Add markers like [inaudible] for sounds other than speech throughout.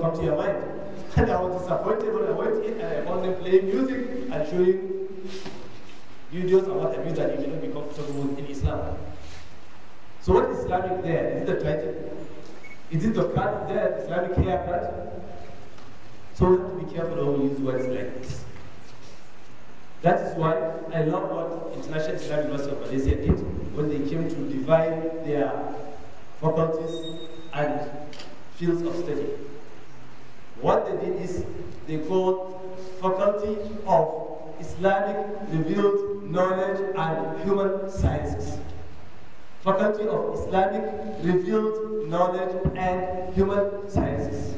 come to your mind. [laughs] And I was disappointed when I went in and I found them playing music and showing videos about abuse that you may not be comfortable with in Islam. So what is Islamic there? Is it the title? Is it the cut there, Islamic haircut? So we have to be careful when we use words like this. That is why I love what International Islamic University of Malaysia did when they came to divide their faculties and fields of study. What they did is they called Faculty of Islamic Revealed Knowledge and Human Sciences. Faculty of Islamic Revealed Knowledge and Human Sciences.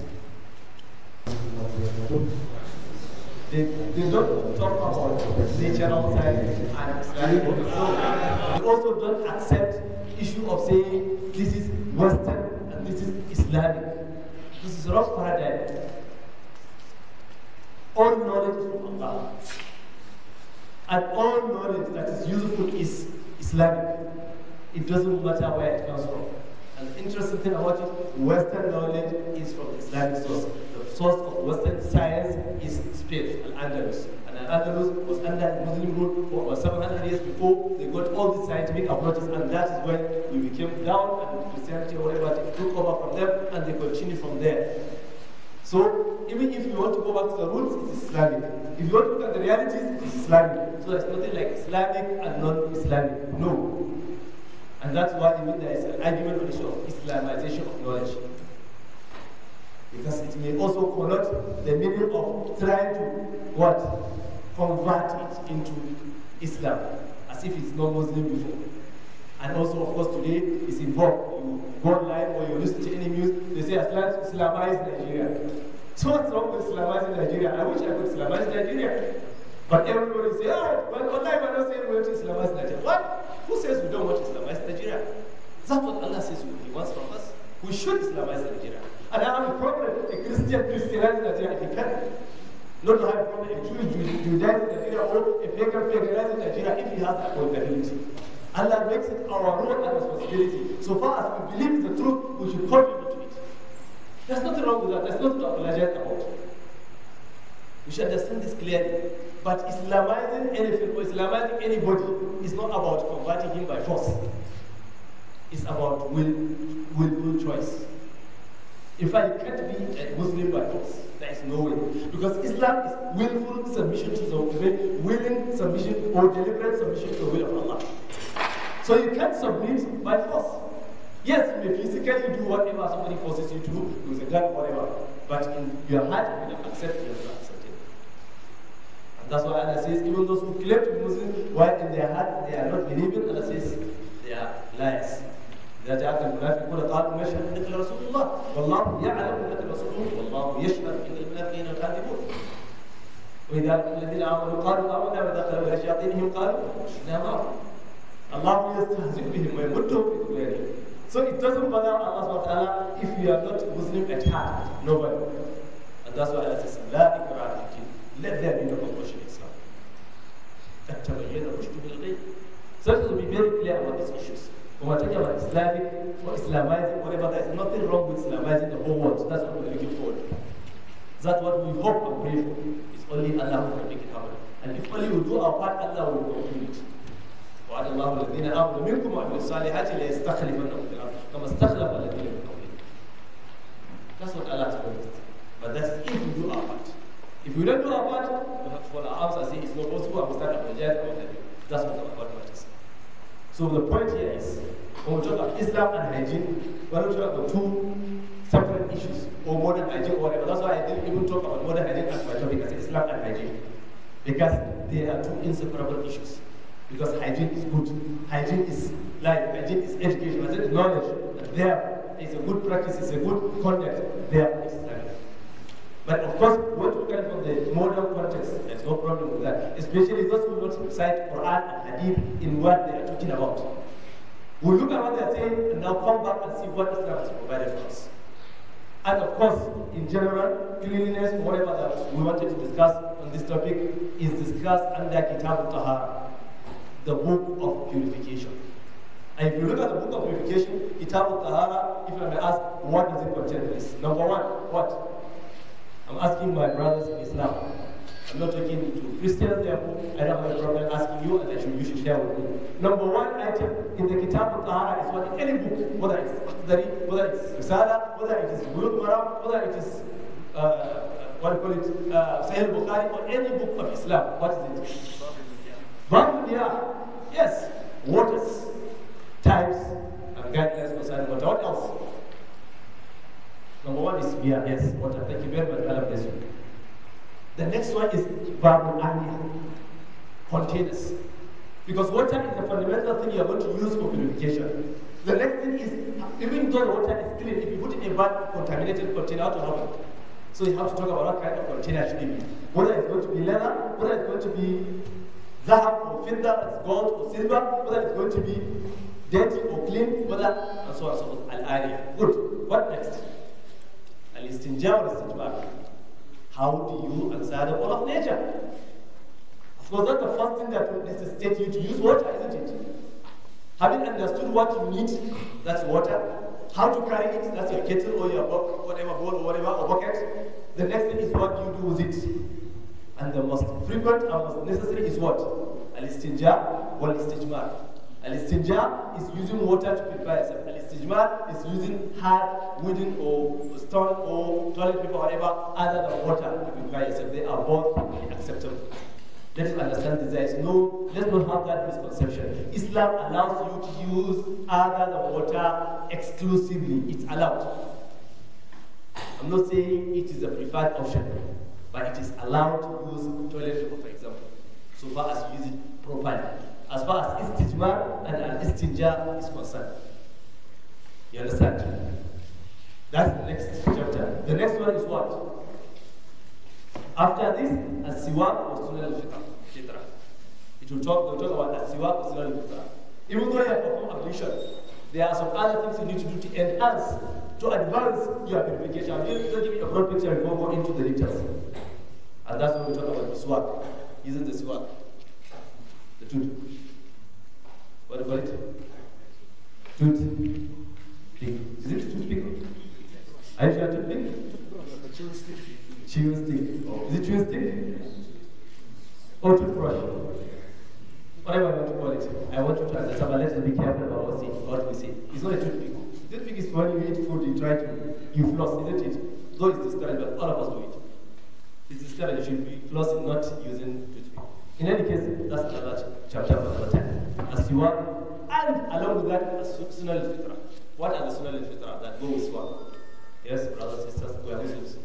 They, they don't talk about natural sciences and Islamic They also don't accept issue of saying this is Western and this is Islamic. This is wrong paradigm all knowledge from Allah. And all knowledge that is useful is Islamic. It doesn't matter where it comes from. And the interesting thing about it, Western knowledge is from Islamic source. The source of Western science is Spain, and andalus And andalus was under Muslim rule for 700 years before they got all the scientific approaches and that is when we became down and Christianity or whatever took over from them and they continued from there. So even if you want to go back to the roots, it is Islamic. If you want to look at the realities, it is Islamic. So there's nothing like Islamic and non-Islamic. No. And that's why even there is an argument on the issue of Islamization of knowledge. Because it may also connote the meaning of trying to what? Convert it into Islam, as if it's not Muslim before. And also, of course, today is involved. You go online or you listen to any news, they say Islamize Nigeria. So what's wrong with Islamizing Nigeria? I wish I could Islamize Nigeria. But everybody say, oh, but online we're not saying we want to Islamize Nigeria. What? Who says we don't want to Islamize Nigeria? That's what Allah says He wants from us. We should Islamize Nigeria. And I have a problem a Christian Christianize Nigeria if he can. Not to have a problem a Jew Judaize Nigeria or a pagan paganizing Nigeria if he has that vulnerability. Allah makes it our role and responsibility. So far as we believe the truth, we should contribute to it. There's nothing wrong with that. There's nothing to apologize about. We should understand this clearly. But Islamizing anything or Islamizing anybody is not about converting him by force. It's about will, will, will choice. In fact, you can't be a Muslim by force. There is no way. Because Islam is willful submission to the will, willing submission or deliberate submission to the will of Allah. So you can't submit by force. Yes, you may physically do whatever somebody forces you to do, use a gun, whatever. But in your heart, you will accept it, you will accept it. And that's why Allah says, even those who claim to be Muslim, while in their heart they are not believing, Allah says, they are liars. إذا جاءك المنافقون قالوا نشهد إنك لرسول الله والله يعلم أنك رسول والله يشهد إن المنافقين كاذبون وإذا الذين آمنوا قالوا ضعونا ودخلوا إلى شياطينهم قالوا إنا معكم Allah will be my motto clearly. So it doesn't bother Allah subhanahu wa if you are not Muslim at heart. Nobody. And that's why Allah says, La ikrara Let there be no compulsion in Islam. So it will be very clear about these issues. When we're talking about Islamic or Islamizing, whatever, there's nothing wrong with Islamizing the whole world. That's what we're looking for. That's what we hope and pray for. It's only Allah who can make it happen. And if only we do our part, Allah will complete it. وعد الله الذين امنوا منكم وعملوا الصالحات ليستخلفنهم في الارض كما استخلف الذين من قبلهم. That's what Allah told us. But that's if you do our part. If you don't do our part, you have to fall our arms and say it's not possible, I will start apologizing for them. That's what our part matters. So the point here is when we talk about Islam and hygiene, we don't talk about two separate issues or modern hygiene or whatever. That's why I didn't even talk about modern hygiene as my topic as Islam and hygiene. Because they are two inseparable issues. Because hygiene is good. Hygiene is life. Hygiene is education. Hygiene is knowledge. There is a good practice, is a good conduct. There is life. But of course, what we get from the modern context, there's no problem with that. Especially those who don't cite Quran and Hadith in what they are talking about. We look at what they're saying and now come back and see what Islam has provided for us. And of course, in general, cleanliness, whatever that we wanted to discuss on this topic, is discussed under Kitab al-Tahara the book of purification. And if you look at the book of purification, Kitab al-Tahara, if I may ask, what does it contain, please? Number one, what? I'm asking my brothers in Islam. I'm not talking to Christians, therefore, I don't have a problem asking you, and I should, you should share with me. Number one item in the Kitab al-Tahara is what any book, whether it's Akhdari, whether it's Risala, whether it is Bulul Maram, whether it is, uh, what do you call it, uh, Sahih al-Bukhari, or any book of Islam, what is it? Barbudia, yes, waters, types, and guidelines concerning water. What else? Number one is beer, yes, water. Thank you very much, Madam Desiree. The next one is barbudia, containers. Because water is the fundamental thing you are going to use for purification. The next thing is, even though the water is clean, if you put it in a bad contaminated container, how to help it? So you have to talk about what kind of container should be. Whether it's going to be leather, whether it's going to be ذهب or fidda, it's gold or silver, whether it's going to be dirty or clean, whether and so on and so forth. Al aliyah. Good. What next? Al istinja or istijbar. How do you answer the law of nature? Of course, that's the first thing that will necessitate you to use water, isn't it? Having understood what you need, that's water. How to carry it, that's your kettle or your whatever bowl or whatever, or bucket. The next thing is what you do with it. And the most frequent and most necessary is what? Alistinja or wal Alistinja is using water to purify yourself. al is using hard wooden or stone or toilet paper or whatever other than water to purify yourself. They are both acceptable. Let's understand this. There is no, let's not have that misconception. Islam allows you to use other than water exclusively. It's allowed. I'm not saying it is a preferred option. But it is allowed to use paper, for example, so far as you use it properly. As far as istijma and al-istinja is concerned. You understand? That's the next chapter. The next one is what? After this, as-siwak was sunnah al-fitra. It will talk, it will talk about as-siwak, sunnah al-fitra. Even though you have performed ablution, there are some other things you need to do to enhance, to advance your purification. I'm just give you a broad picture and go more into the details. And that's what we talk about The work. Isn't the work? The truth. What do you call it? Tooth. Is it toothpick? Are you sure toothpick? Chewing stick. Chewing stick. Is it chewing stick? Or oh, toothbrush? Whatever I want to call it, I want to try But let's be careful about what we say. What we say. It's not a toothpick. Toothpick is when you eat food, you try to, you floss, isn't it? Though it's discouraged, but all of us do it. It's discouraged. You should be flossing, not using toothpick. In any case, that's another chapter for another time. As you are, and along with that, sunnah al-fitra. What are the sunnah al-fitra that go with one? Yes, brothers, sisters, we are Muslims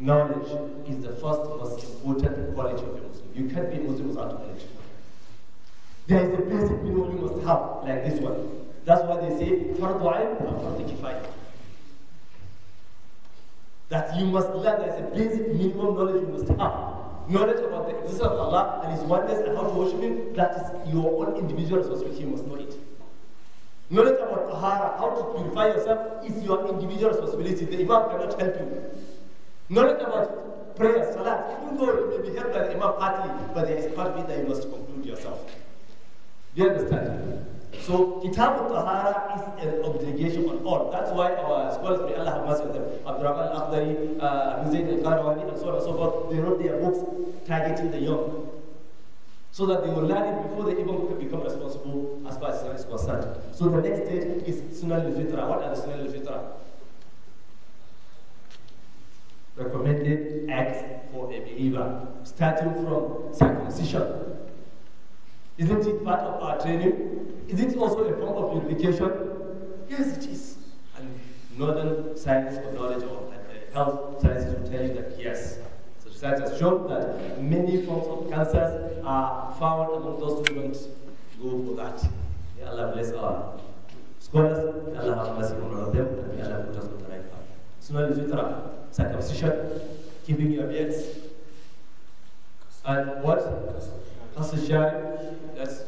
knowledge is the first most important quality of a Muslim. You can't be a Muslim without knowledge. There is a basic minimum you must have, like this one. That's why they say, fardu ayn and fardu kifayah. That you must learn, there's a basic minimum knowledge you must have. Knowledge about the existence of Allah and His oneness and how to worship Him, that is your own individual responsibility, you must know it. Knowledge about Tahara, how to purify yourself, is your individual responsibility. The Imam cannot help you. Not about prayer, salat, even though it may be helped by the imam partly, but there is part that you must conclude yourself. Do you understand? So Kitab al-Tahara is an obligation on all. That's why our scholars, may Allah have mercy on them, Abdurrahman al-Akhdari, uh, al-Qarawani, and so on and so forth, they wrote their books targeting the young. So that they will learn it before they even become responsible as far as Islam is concerned. So the next stage is Sunnah al-Fitra. What are the Sunnah al-Fitra? recommended acts for a believer, starting from circumcision. Isn't it part of our training? Is it also a form of purification? Yes, it is. And modern science or knowledge or uh, health sciences will tell you that yes. So research has shown that many forms of cancers are found among those who don't go for that. May Allah bless our scholars. May Allah have mercy on all of them and may Allah put us on the right path. Sunan Fitra, circumcision, keeping your beards, and what? Kasashari, that's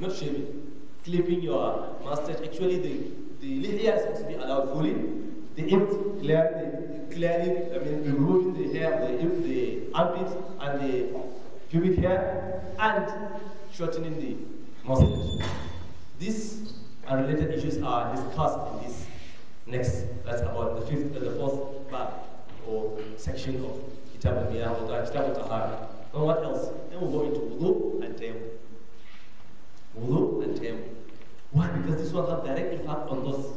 not shaving, clipping your mustache. Actually, the, the lihya must be allowed fully. The imp, clear, the, clearing, I mean, removing the hair, the imp, the armpit, and the pubic hair, and shortening the mustache. These and related issues are discussed in this Next, that's about the fifth, and the fourth part or section of Kitab al-Miyah or Kitab al-Tahara. Then what else? Then we'll go into wudu and tayammum. Wudu and tayammum. Why? Because this one has direct impact on those.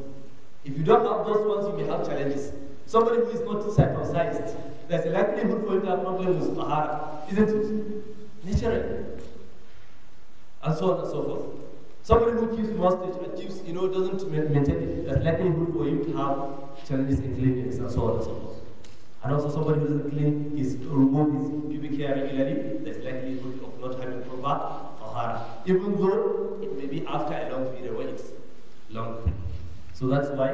If you don't have those ones, you may have challenges. Somebody who is not circumcised, there's a likelihood for him to have problems with Tahara, isn't it? Naturally. And so on and so forth. Somebody who keeps mustache and keeps, you know, doesn't maintain a uh, likelihood for him to have challenges in cleanliness and so on and so forth. And also somebody who doesn't clean his remove his pubic hair regularly, there's likelihood of not having proper tahara. Even though it may be after a long period when it's long. So that's why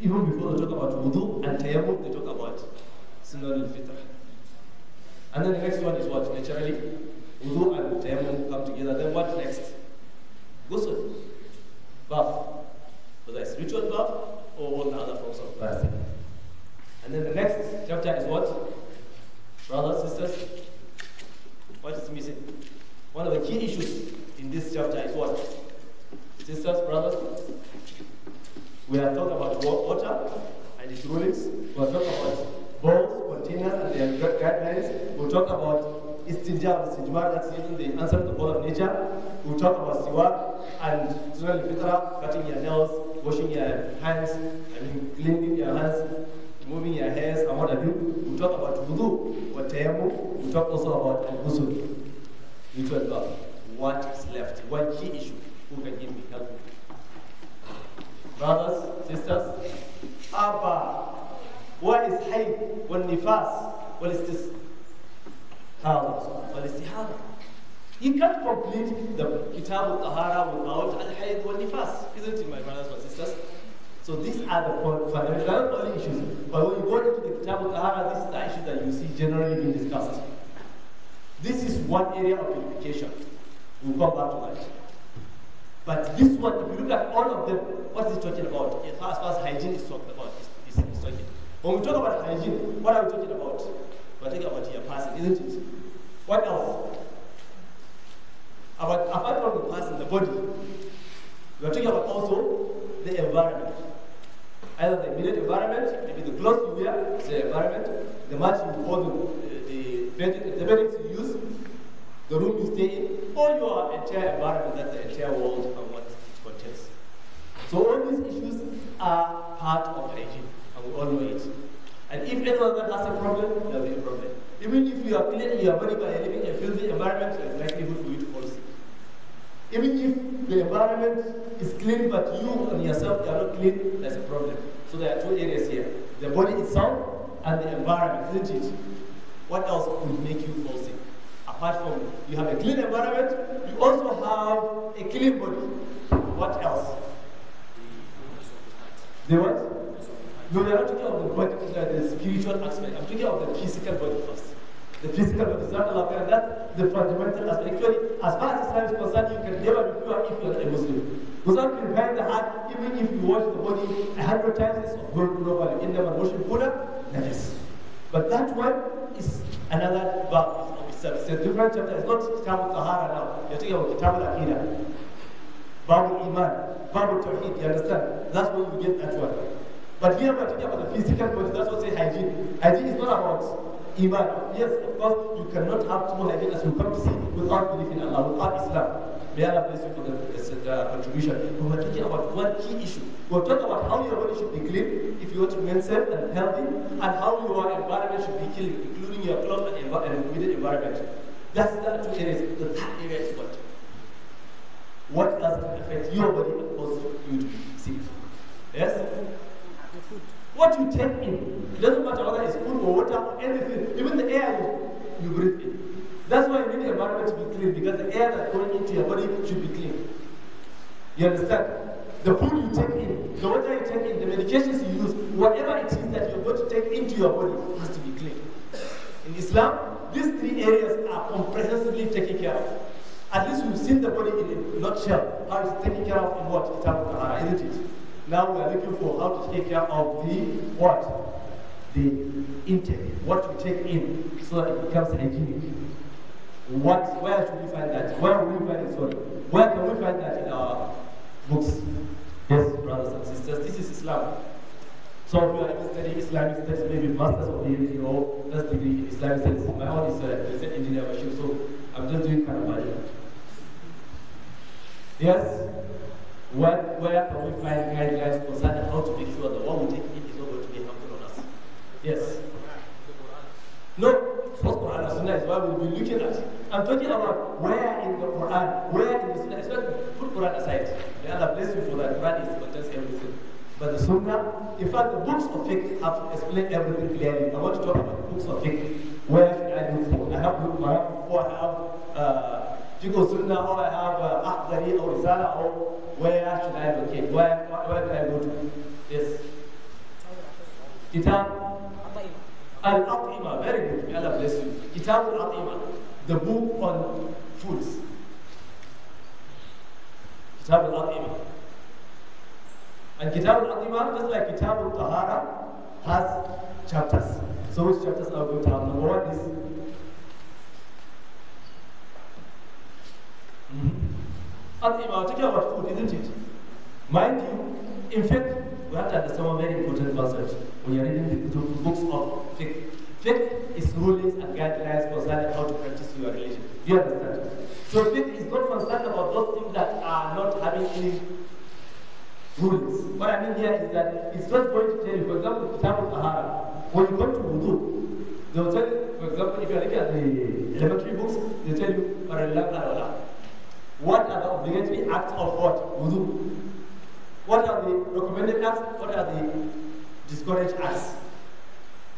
even before they talk about wudu and tayammum, they talk about sunnah al-fitrah. And then the next one is what? Naturally, wudu and tayammum come together. Then what next? Ghusl. Bath. Whether it's ritual bath or all the other forms of bathing. And then the next chapter is what? Brothers, sisters, what is missing? One of the key issues in this chapter is what? Sisters, brothers, we have talked about water and its rulings. We have talked about bowls, containers, and their guidelines. We talk about istinja or istijmar, that's using the answer to all of nature. We talk about Siwa, and sunnah fitra, cutting your nails, washing your hands, I mean, cleaning your hands, moving your hairs, and what have you. We talk about wudu, what tayammum. We talk also about al We talk about what is left, one key issue. Who can give me help? Brothers, sisters, Abba, what is hayy, what nifas, what is this? He can't complete the Kitab al-Tahara without al-Hayd wal-Nifas, isn't it, my brothers and sisters? So these are the fundamental issues. But when you go into the Kitab al-Tahara, this is the issue that you see generally being discussed. This is one area of purification. We'll come back to that. But this one, if you look at all of them, what is it talking about? As far as hygiene is talked about, is, is, is talking. When we talk about hygiene, what are we talking about? We're talking about your person, isn't it? What else? About, apart from the person, the body, we're talking about also the environment. Either the immediate environment, maybe the clothes you wear, the environment, the match you hold, the, the, the benefits you use, the room you stay in, or your entire environment, that's the entire world and what it contains. So all these issues are part of hygiene, and we all know it. And if anyone has a problem, there will be a problem. Even if you are clean, you are very by living a filthy environment, there is likelihood for you to fall sick. Even if the environment is clean, but you and yourself are not clean, there's a problem. So there are two areas here. The body itself and the environment, isn't it? What else could make you fall sick? Apart from you have a clean environment, you also have a clean body. What else? The what? No, no, I'm talking of the body, the, spiritual aspect. I'm talking of the physical body first. The physical body is not allowed, and that's the fundamental aspect. Actually, as far as Islam is concerned, you can never be pure if you are a Muslim. can purifying the heart, even if you wash the body a hundred times, it's of no value. In the worship Buddha, that is. But that one is another part of itself. It's a different chapter. It's not Kitab al-Tahara now. You're talking about Kitab al-Aqidah. Babu Iman, Babu Tawheed, you understand? That's what we get at one. But here we are talking about the physical body, that's what say hygiene. Hygiene is not about Iman. Yes, of course, you cannot have true hygiene as you come to see without belief in Allah, without Islam. May Allah bless you for the contribution. We were talking about one key issue. We were talking about how your body should be clean if you want to remain safe and healthy, and how your environment should be clean, including your clothes and, and immediate environment. That's the two areas. The third area is what? What does affect your body and cause you to be sick? Yes? What you take in, it doesn't matter whether it's food or water or anything, even the air you, breathe in. That's why you need the environment to be clean because the air that's going into your body should be clean. You understand? The food you take in, the water you take in, the medications you use, whatever it is that you're going to take into your body has to be clean. In Islam, these three areas are comprehensively taken care of. At least we've seen the body in a nutshell, how it's taken care of in what? Kitab al it? Now we are looking for how to take care of the what? The intake, what you take in, so that it becomes hygienic. What, where should we find that? Where will we find it? Sorry. Where can we find that in our books? Yes, brothers and sisters, this is Islam. So if you are even studying Islamic studies, maybe master's or PhD or first degree in Islamic studies, my own is uh, a recent engineer Bashir, so I'm just doing kind of magic. Yes? Where where can we find guidelines concerning how to make sure the one we take in is not going to be harmful on us? Yes. No, it's not Quran and Sunnah is what we'll be looking at. I'm talking about where in the Quran, where in the Sunnah, especially put Quran aside. The other place for that Quran is contains everything. But the Sunnah, in fact, the books of fiqh have explained everything clearly. I want to talk about the books of fiqh. Where should I look for? I have looked for, I have uh, Chico Sunnah, I have uh, Akhdari or Risala, where should I locate? Where, where do I go Yes. Kitab Al Atima, very good. May Allah bless you. Kitab Al Atima, the book on foods. Kitab Al Atima. And Kitab Al Atima, just like Kitab Al Tahara, has chapters. So which chapters are we going to have? Number one is Fatima, take food, isn't it? Mind you, in fact, we have to understand one very important concept when you're reading the books of faith. Faith is rulings and guidelines concerning how to practice your religion. Do you understand? So faith is not concerned about those things that are not having any rulings. What I mean here is that it's not going to tell you, for example, Kitab al haram, when you go to wudu, they'll tell you, for example, if you're looking at the elementary books, they tell you, what are the obligatory acts of what? Wudu. What are the recommended acts? What are the discouraged acts?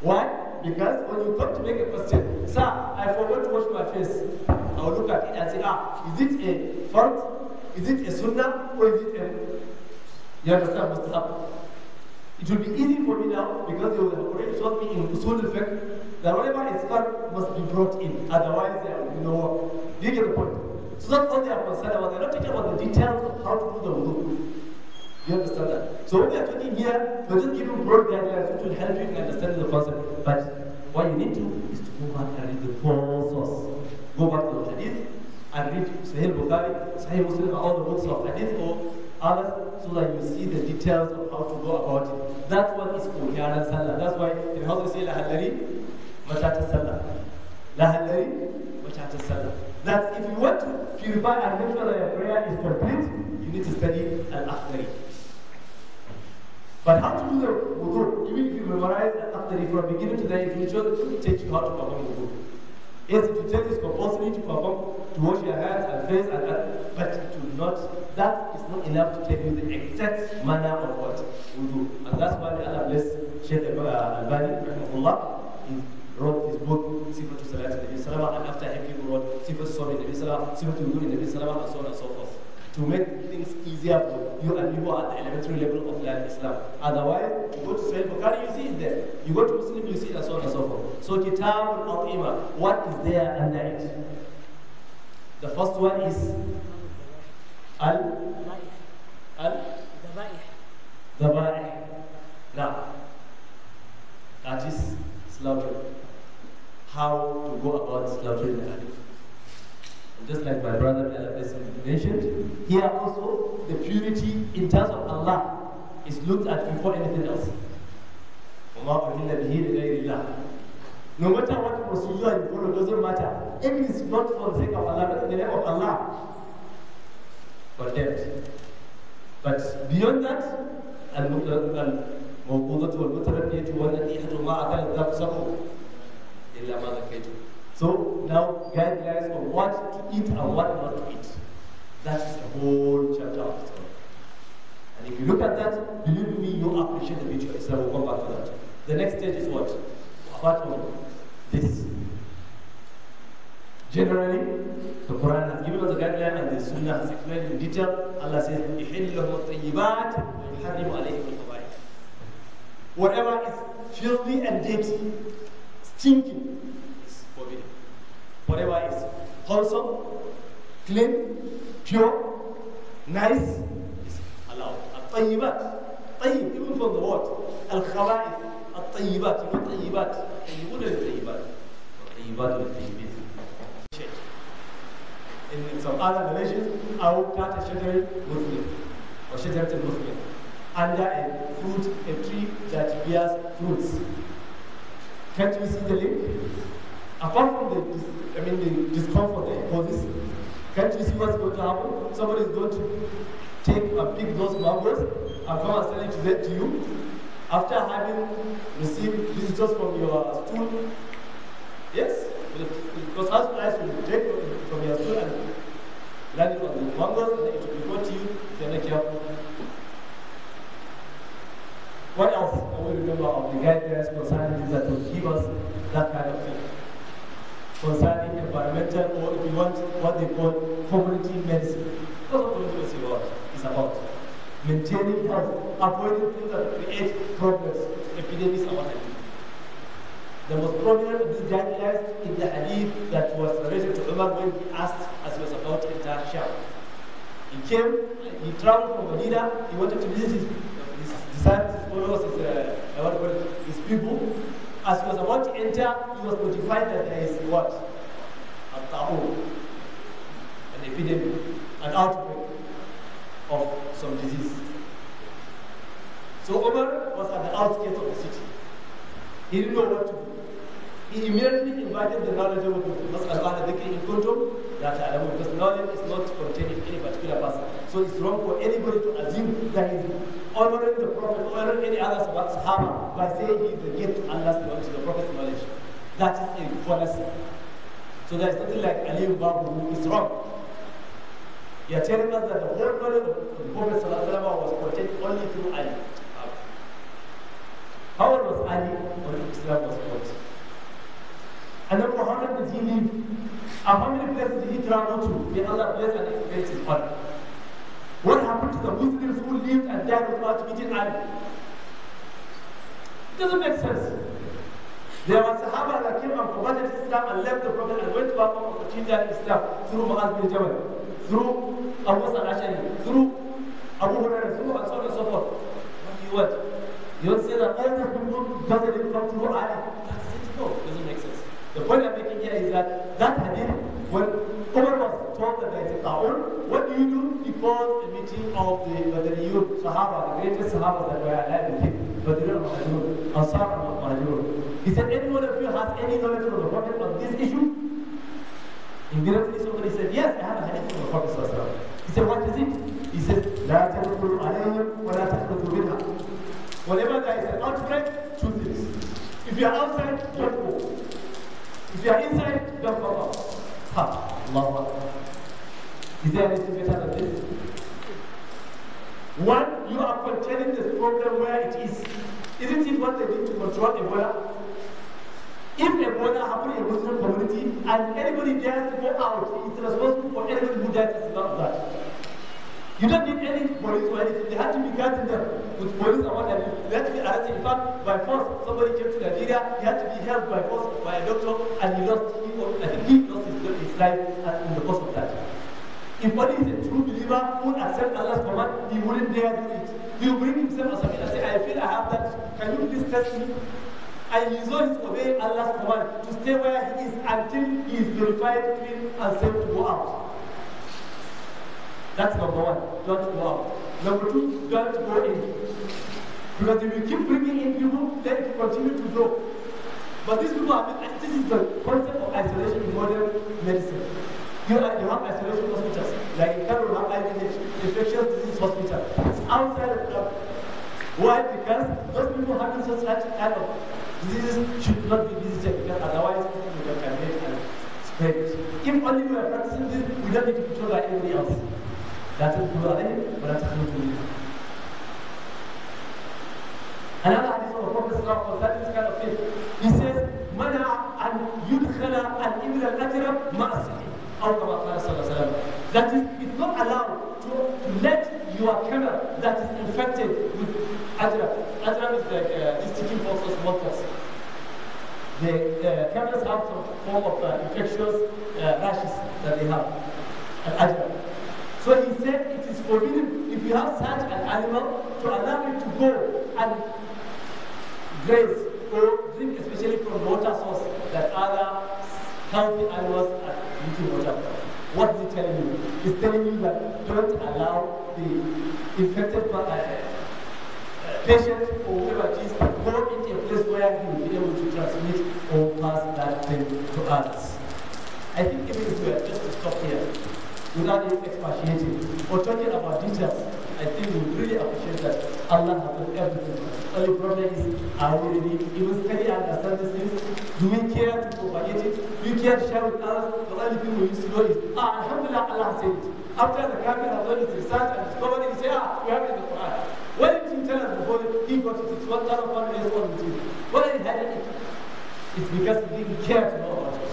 Why? Because when you come to make a question, sir, I forgot to wash my face. I will look at it and say, ah, is it a front? Is it a sunnah? Or is it a... You understand, what's Mustahab? It will be easy for me now because you have already taught me in usul effect that whatever is cut must be brought in, otherwise you know what? Do you get the point? So that's what they're not talking about the details of how to do the wudu. You understand that? So when we are talking here, we're just giving broad guidelines which will help you in understanding the concept. But what you need to do is to go back and read the full source. Go back to the hadith and read Sahih Bukhari, Sahih Muslim, all the books of hadith or others so that you see the details of how to go about it. That one is coherent salah. That's why in Hazrat Sayyid al-Hallari, matata salah. That if you want to purify and make sure that your prayer is complete, you need to study Al-Akhtari. But how to do the wudu, even if you memorize Al-Akhtari from beginning to the end, it will teach you how to perform wudu. Yes, it will tell you it's compulsory to perform, to wash your hands and face and that, but to not, that is not enough to tell you the exact manner of what wudu. And that's why Allah bless Shaykh Al-Bani, rahmahullah, wrote his book, Sifat Salat Nabi Salama, and after him people wrote Sifat Somi Nabi Salama, Sifat Wudu Nabi Salama, and so on and so forth. To make things easier for you and are at the elementary level of learning Islam. Otherwise, you go to Sahih Bukhari, you see it there. You go to Muslim, you see it, and so on and so forth. So, Kitab al what is there under it? The first one is Al. Al. Dhabaih. Now, that is slaughter how to go about slaughtering the animal. Just like my brother mentioned, here also the purity in terms of Allah is looked at before anything else. No matter what procedure you follow, doesn't matter. If it's not for the sake of Allah, but in the name of Allah, condemned. But beyond that, الموقوضة والمتربية so now guidelines on what to eat and what not to eat. That is the whole chapter of Islam. And if you look at that, believe me, you appreciate the beauty of Islam. We'll come back to that. The next stage is what? Apart from this. Generally, the Quran has given us a guideline and the Sunnah has explained in detail. Allah says, Whatever is filthy and dirty, thinking is forbidden. Whatever is wholesome, clean, pure, nice is allowed. At-tayyibat, tayyib, even from the word. Al-khawa'if, at-tayyibat, you know tayyibat, and you wouldn't tayyibat. Tayyibat with tayyibit. And in some other villages, out that a shattered Muslim, or shattered Muslim, under a fruit, a tree that bears fruits. Can't you see the link? Apart from the, I mean, the discomfort that causes, can't you see what's going to happen? Somebody is going to take and pick those mangoes and come and sell it to, them, to you. After having received visitors from your school. yes, because house price will take from your school and land it on the mangoes and it will brought to you if you're not careful one of we remember of the guidelines concerning that will give us that kind of thing. Concerning environmental or if you want what they call community medicine. That's what community medicine about. is about. Maintaining health, avoiding things that create problems, epidemics and what The most prominent of these guidelines is the hadith that was related to Umar when he asked as he was about to enter Sham. He came, he traveled from Medina, he wanted to visit his Sent follows his, uh, what call his people. As he was about to enter, he was notified that there is what? A ta'u, an epidemic, an outbreak of some disease. So Omar was at the outskirts of the city. He didn't know what to do. He immediately invited the knowledgeable people. That's Allah in Kuntum, that alamu, uh, because knowledge is not contained in any particular person. So it's wrong for anybody to assume that he's honoring the Prophet or any other Sahaba by saying he's the gift unless it belongs to the Prophet's knowledge. That is a fallacy. So there's nothing like ibn Babu who is wrong. You are telling us that the whole knowledge of the Prophet was contained only through Ali. How old was Ali when Islam was brought? living, and how many places did he travel to? May Allah bless and expect his honor. What happened to the Muslims who lived and died without meeting Ali? It doesn't make sense. There was a Sahaba that came and provided Islam and left the Prophet and went to a form of Jinja Islam through Muhammad bin Jabal, through Abu Hassan Ashari, through Abu Hurairah, through and so on and so forth. What do you want? You want to say that all these people doesn't even come through Ali. The point I'm making here is that that hadith, when Umar was told that there is a ta'un, what do you do? He called a meeting of the Badariyun Sahaba, the greatest Sahaba that were alive with him, Badariyun Mahajur, Ansar Mahajur. He said, anyone of you has any knowledge from the Prophet on this issue? Immediately somebody said, yes, I have a hadith from the Prophet He said, what is it? He said, لا تقتلوا عليهم ولا تخرجوا منها. Whenever there is an outbreak, two things. If you are outside, don't go. You are inside, just go Ha, Allah. Is there anything better than this? One, you are containing this problem where it is. Isn't it what they did to control Ebola? If Ebola happened in a Muslim community and anybody dares to go out, it's responsible for anybody who dares to not that. You don't need any police or anything. They had to be guarding them with police and what have you. They had to be arrested. In fact, by force, somebody came to Nigeria. He had to be held by force by a doctor, and he lost. He, I think he lost his, his life in the course of that. If one is a true believer who accepts Allah's command, he wouldn't dare do it. He will bring himself as a and say, "I feel I have that. Can you please test me?" And he is always obeying Allah's command to stay where he is until he is verified clean, and safe to go out. That's number one. Don't love. Number two, don't go in. Because if you keep bringing in people, then it will continue to grow. But these people have been, this is the concept of isolation in modern medicine. You, are, you have isolation hospitals, like in Cairo, have IDH, infectious disease hospital. It's outside of Cairo. Why? Because those people having such kind of diseases should not be visited, because otherwise people can contaminate and spread it. If only we are practicing this, we don't need to control by anybody else. لا تدخلوا عليهم ولا تخرجوا منها Another hadith of the Prophet sallallahu alaihi kind of it. He says, "Mana an yudkhala an ibn al ajrab ma'asihi." Or That is, it's not allowed to let your camel that is infected with ajrab. Ajrab is like uh, these chicken pox The uh, camels have some form of uh, infectious uh, rashes that they have. Al so he said it is forbidden if you have such an animal to allow it to go and graze or drink especially from water source that other healthy animals are drinking water from. What is he telling you? He's telling you that don't allow the infected uh, uh, patient or whoever it is to go into a place where he will be able to transmit or pass that thing to others. I think if we were just to stop here without expatiating or talking about details, I think we really appreciate that Allah has done everything. Only problem is, are we really even study and understand these things? Do we care to propagate it? Do we care to share with others? The only thing we used to know is, ah, Alhamdulillah, Allah said it. After the Kafir has done his research and discovered it, he said, ah, we have it in the Quran. Why didn't you tell us before he got it? It's one dollar years old one, you. Why did he have it? It's because he didn't care to know about it.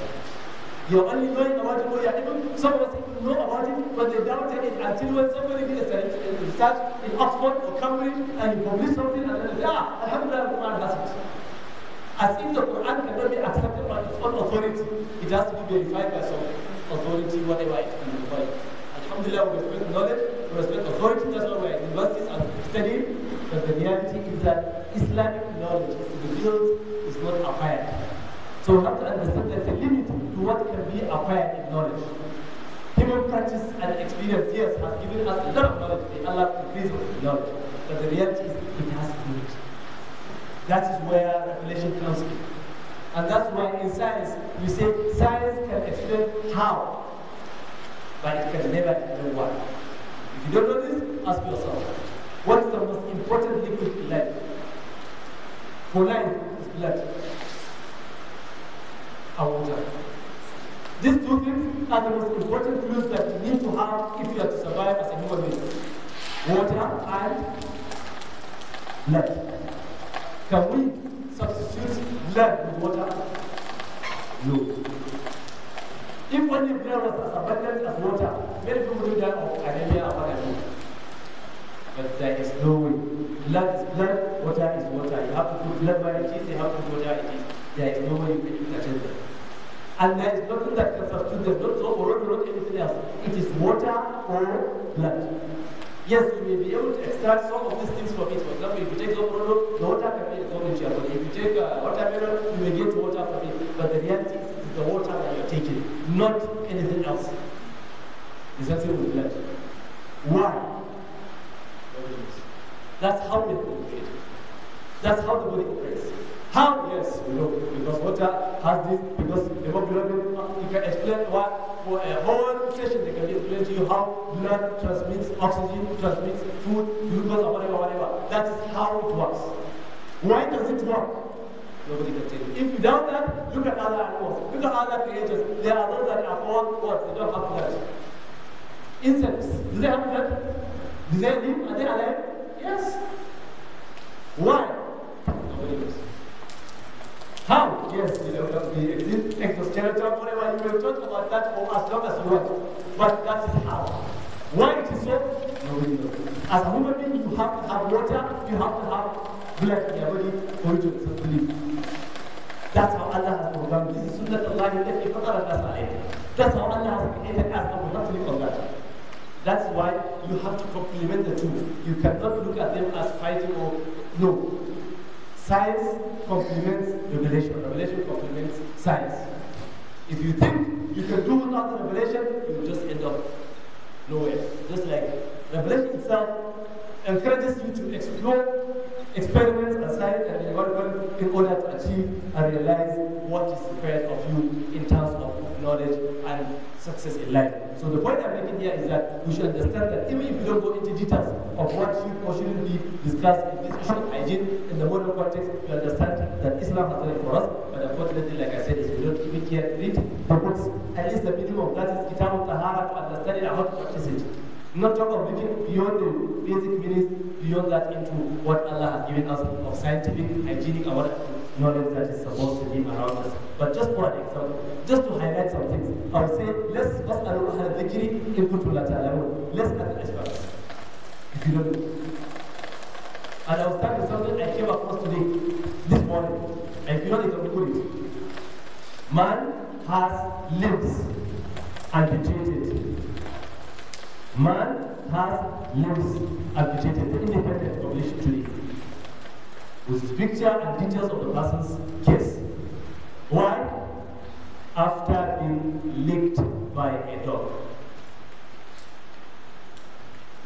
You're only knowing about it for your people. Some of us even know about it, but they doubted it until when somebody did a research in Oxford or Cambridge and you publish something and then they say, ah, Alhamdulillah, the Quran has it. As if the Quran cannot be accepted by its own authority, it has to be verified by some authority, whatever it can be Alhamdulillah, we respect knowledge, we respect authority, that's why we're universities and studying. But the reality is that Islamic knowledge is revealed, is not acquired. So we have to understand there's a limit what can be acquired in knowledge. Human practice and experience, yes, has given us a lot of knowledge. a lot increase physical knowledge. But the reality is, it has limits. That is where revelation comes in. And that's why in science, we say science can explain how, but it can never know why. If you don't know this, ask yourself, what is the most important liquid in life? For life, is blood and water. These two things are the most important tools that you need to have if you are to survive as a human being. Water and lead. Can we substitute lead with water? No. If only blood was as abundant as water, many people would die of anemia and what But there is no way. Blood is blood, water is water. You have to put blood where it is, you have to put water it is. There is no way you can interchange them. And there is nothing that can substitute them, not so or not anything else. It is water or blood. Yes, you may be able to extract some of these things from it. For example, if you take Zoporolo, the water can be absorbed into your body. If you take uh, watermelon, you may get water from it. But the reality is it is the water that you're taking, not anything else. that nothing with blood. Why? That's how people operate. That's how the body operates. How? Yes, know. Because water has this, because hemoglobin, uh, you can explain why for a whole session they can explain to you how blood transmits oxygen, transmits food, glucose, or whatever, whatever. That is how it works. Why does it work? Nobody can tell you. If you doubt that, look at other animals, look at other creatures. There are those that are all what? They don't have blood. Insects, do they have blood? Do they live? Are they alive? Yes. Why? Nobody knows. How? Yes, you know, that we exist, exoskeleton, whatever, you will talk about that for as long as you want. But that is how. Why it is so? Nobody knows. As a human being, you have to have water, you have to have blood in your body for you to live. That's how Allah has programmed. This is Sunnah Allah, you take a That's how Allah has created us, and we have to live on that. That's why you have to complement the two. You cannot look at them as fighting or no. Science complements revelation. Revelation complements science. If you think you can do without revelation, you will just end up nowhere. Just like revelation itself encourages you to explore experiment, and science and environment in order to achieve and realize what is required of you in terms of knowledge and success in life. So the point I'm making here is that we should understand that even if you don't go into details of what should or shouldn't be discussed in this issue of hygiene in the modern context, we understand that Islam has done it for us. But unfortunately, like I said, is we don't even care read but at least the minimum, that is Kitab tahara to understand it and how to practice it not talk of looking beyond the basic meanings, beyond that into what Allah has given us of scientific, hygienic, and what knowledge that is supposed to be around us. But just for an example, just to highlight some things, I would say, let's ask Allah al-Dhikri in kutu Let's ask the experts. If you don't And I was start with something I came across today, this morning. And if you don't, know, it. Man has limbs and be treated Man has lives agitated independent obligation to live with his picture and details of the person's case. Why? After being licked by a dog.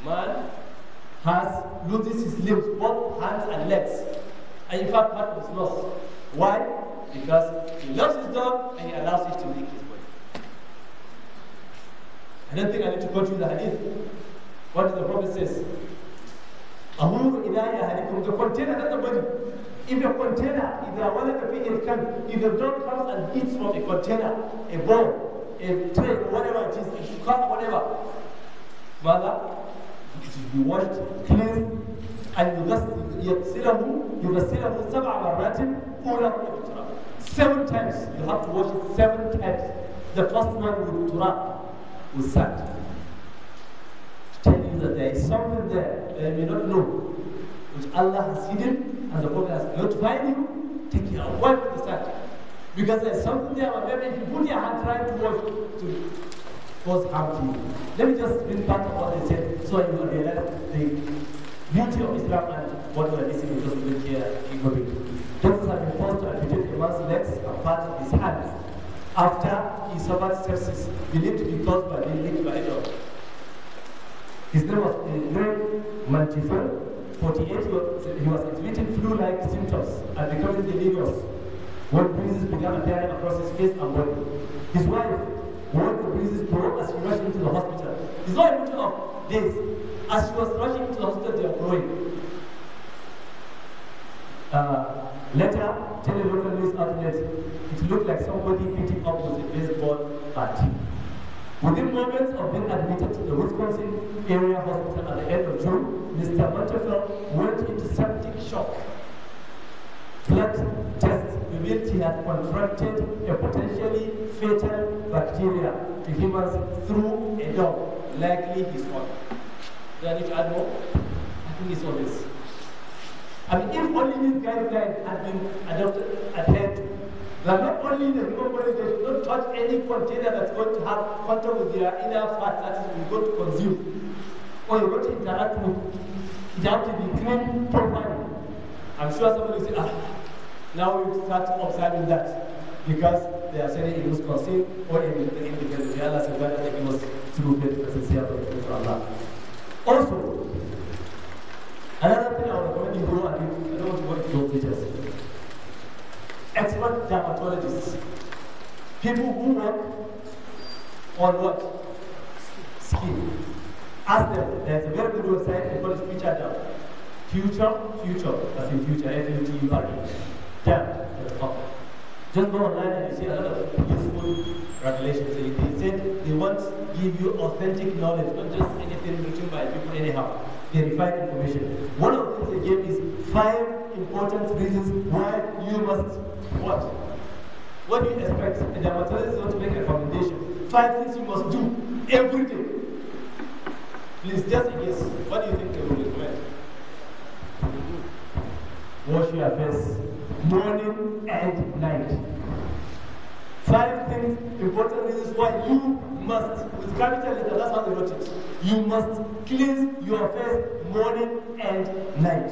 Man has loses his limbs, both hands and legs, and in fact, part was lost. Why? Because he loves his dog and he allows it to lick his I don't think I need to go through the hadith. What the Prophet says. The container, not the body. If a container, if there was a it can, if the dog comes and eats from a container, a bowl, a tray, whatever it is, a cup, whatever, mother, it should be washed, cleansed, and you must سبع مرات أولى seven times. You have to wash it seven times. The first one with turab with sand. Tell you that there is something there that you may not know, which Allah has hidden and the Prophet has notified you. Take your word with sand. Because there's something there, but maybe if you put your hand trying to watch to cause harm to you. Let me just bring back to what they said so you will realize the beauty of Islam and what we are listening to here in Gobi. Doctors have been forced to amputate a man's legs and part of his hands after he suffered sepsis, believed to be caused by the leak by His name was eh, Andre Mantifan. 48, he was, he was exhibiting flu-like symptoms and becoming delirious when bruises began appearing across his face and body. His wife warned the bruises broke as she rushed into the hospital. It's not a matter of days. As she was rushing into the hospital, they are growing. Uh, later, local news outlet, it looked like somebody beating up with a baseball bat. Within moments of being admitted to the Wisconsin area hospital at the end of June, Mr. Montefiore went into septic shock. Blood tests revealed he had contracted a potentially fatal bacteria to humans through a dog, likely his own. Do I need to add more? I think it's obvious. I mean, if only these guidelines had been adopted, adhered that not only the human body, they should not touch any container that's going to have contact with their inner fat that is going to consume or you're going to interact with. It has to be clean, properly. I'm sure somebody will say, ah, now we start observing that because they are saying it was conceived or in the individual. Allah subhanahu wa ta'ala was through the sincere faith for Allah. Also, Another thing I would recommend you go do, I don't want to go into teachers. Expert dermatologists. People who work on what? Skin. Ask them. There's a very good website, called Future Dam. Future, future, as in future, F-U-T-U-R-E. Dam.com. Just go online and you see a lot of useful regulations. they said they want to give you authentic knowledge, not just anything written by people anyhow verified information. One of the things again is five important reasons why you must what? What do you expect? And A dermatologist is to make a recommendation. Five things you must do every day. Please just guess. What do you think they will recommend? Wash your face morning and night. Five things, important reasons why you must, with capital letter, that's how they wrote it. You must cleanse your face morning and night.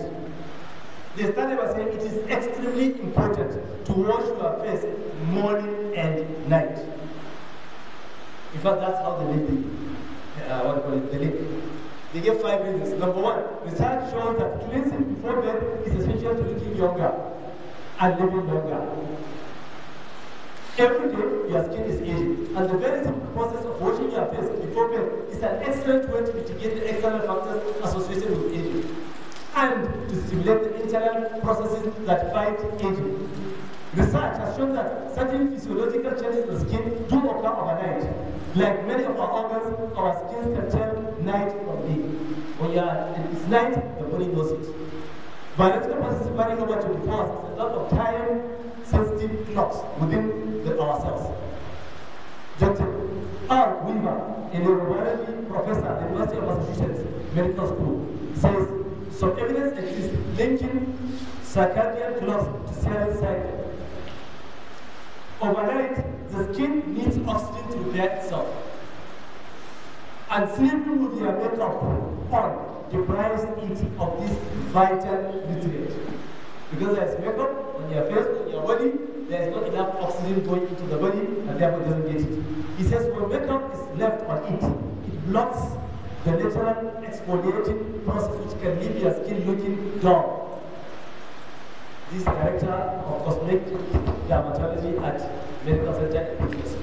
They started by saying it is extremely important to wash your face morning and night. In fact, that's how they did it. Uh, what do you call it? The link. They gave five reasons. Number one, research shows that cleansing before bed is essential to looking younger and living longer. Every day, your skin is aging. And the very simple process of washing your face before bed is an excellent way to mitigate the external factors associated with aging and to stimulate the internal processes that fight aging. Research has shown that certain physiological changes in the skin do occur overnight. Like many of our organs, our skin can tell night from day. When it's night, the body knows it. Biological processes planning over 24 hours is a lot of time sensitive clocks within the, ourselves. Dr. R. Weaver, a neurobiology professor at the University of Massachusetts Medical School, says some evidence exists linking circadian clocks to cell cycle. Overnight, the skin needs oxygen to repair itself and sleeping with their makeup on deprives it of this vital nutrient. Because there's makeup on your face, on your body, there's not enough oxygen going into the body, and therefore doesn't get it. He says when makeup is left on it, it blocks the natural exfoliating process which can leave your skin looking dull this character of cosmetic dermatology at medical center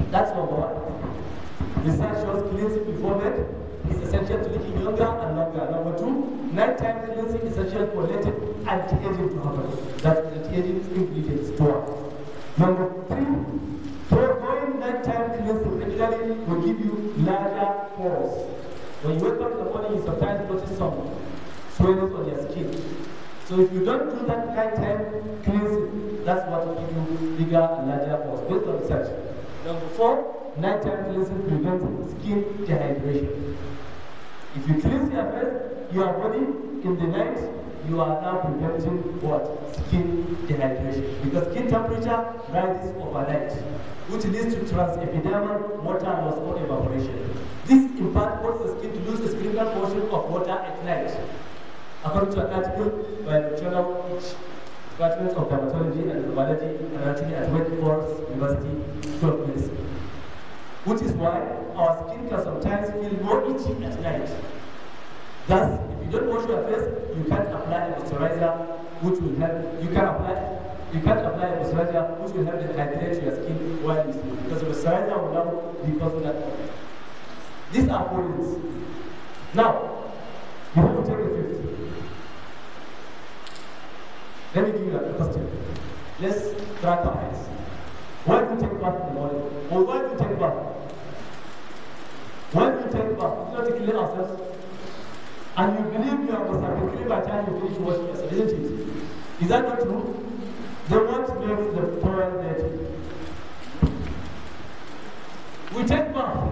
in That's number one. Research shows cleansing before bed is essential to living younger and longer. Number two, nighttime cleansing is essential for latent anti-aging to happen. That's anti-aging completed store. Number three, foregoing nighttime cleansing regularly will give you larger pores. When you wake up in the morning, you sometimes notice some swelling on your skin. So if you don't do that nighttime cleansing, that's what will give you bigger and larger pores based on research. Number four, nighttime cleansing prevents skin dehydration. If you cleanse your face, your body in the night, you are now preventing what? Skin dehydration. Because skin temperature rises overnight, which leads to transepidermal water loss or evaporation. This in part causes the skin to lose a significant portion of water at night. According to an article by the journal Department of Dermatology and Biology and Anatomy at Wake Forest University, 12 minutes which is why our skin can sometimes feel more itchy at night. Thus, if you don't wash your face, you can't apply a moisturizer which will help. You can apply you can't apply a moisturizer which will help hydrate your skin while you sleep because moisturizer will not deposit that These are points. Now, you have to take a fifth. Let me give you a question. Let's track our eyes. When you take bath in the morning? or when you take back, when you take bath? you don't clean ourselves, and you believe you are consecrated by the time you finish washing yourself, isn't it? Is that not true? They want to make the toilet dirty. We take bath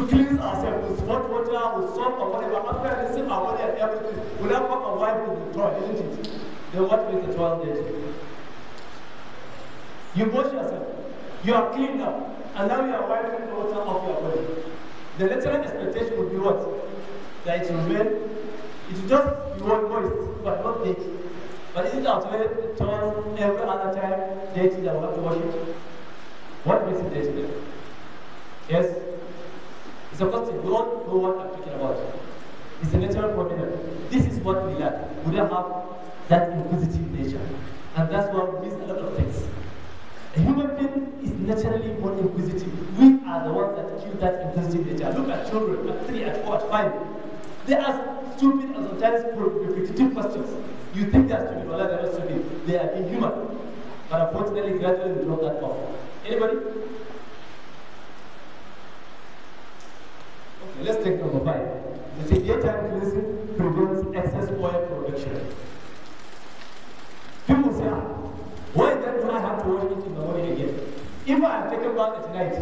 to cleanse ourselves with hot water, with soap, or whatever. After rinsing our body and everything, we now come and wipe with the toilet, isn't it? Then what makes the toilet dirty? You wash yourself. You are clean now. And now you are wiping the water off your body. The literal expectation would be what? That it will It It's just you want moist, but not dirty. But is it our turn every other time dirty that we have to wash it? What makes it dirty Yes? It's a question. We don't know what I'm talking about. It's a natural problem. This is what we lack. We don't have that inquisitive nature. And that's why we miss a lot of things. A human being is naturally more inquisitive. We are the ones that kill that inquisitive nature. Look at children at three, at four, at five. They ask stupid and sometimes repetitive questions. You think they are stupid, but they're not stupid. They are inhuman. But unfortunately, gradually we drop that off. Anybody? Okay, let's take number five. They say daytime cleansing prevents excess oil production. People say, ah, why then do I have to it in the morning again. If I have taken bath at night,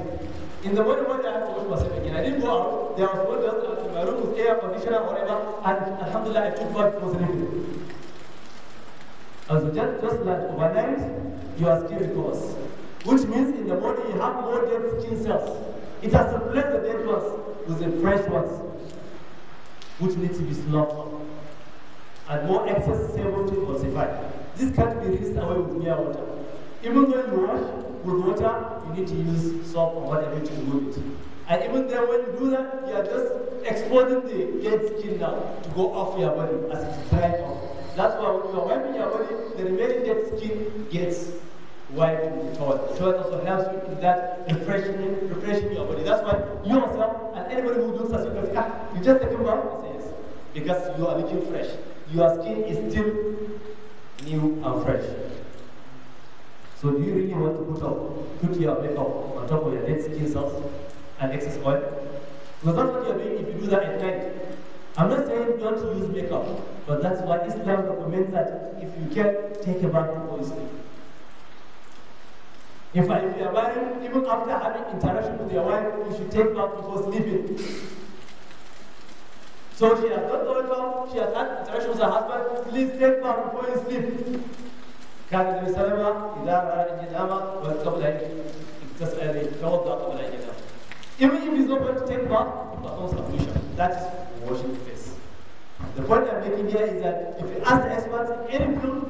in the morning when I have to wash myself again, I didn't go out, there was no dust in my room with air conditioner or whatever, and alhamdulillah I took bath for sleeping. As just, just like overnight, you your skin recovers. Which means in the morning you have more dead skin cells. It has replaced the dead ones with the fresh ones, which need to be slaughtered. And more excess savour to emulsify. This can't be rinsed away with mere water. Even though you wash with water, you need to use soap or whatever to remove it. And even then, when you do that, you are just exposing the dead skin now to go off your body as it's drying off. That's why when you are wiping your body, the remaining dead skin gets wiped with the towel. The towel also helps you in that refreshing, refreshing your body. That's why you yourself and anybody who looks at you you just take a bath says, Because you are looking fresh. Your skin is still new and fresh. So do you really want to put up, put your makeup on top of your dead skin cells and excess oil? Because that's what you're doing if you do that at night. I'm not saying don't use makeup, but that's why Islam recommends that if you can, take a bath before you sleep. If, if you are married, even after having interaction with your wife, you should take bath before sleeping. So she has not told her, she has had interaction with her husband, please take her before you sleep. كان النبي صلى الله عليه وسلم إذا رأى أن ينام قبل أن تسأل يتوضأ قبل أن ينام. Even if he's not going to take bath, but no ablution. That is washing the face. The point I'm making here is that if you ask the experts any field,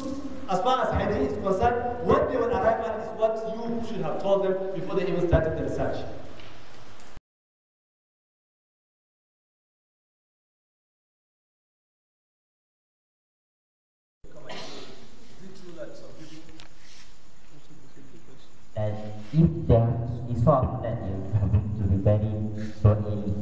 as far as hygiene is concerned, what they will arrive at is what you should have told them before they even started the research. If there is one, that you have going to be very lonely,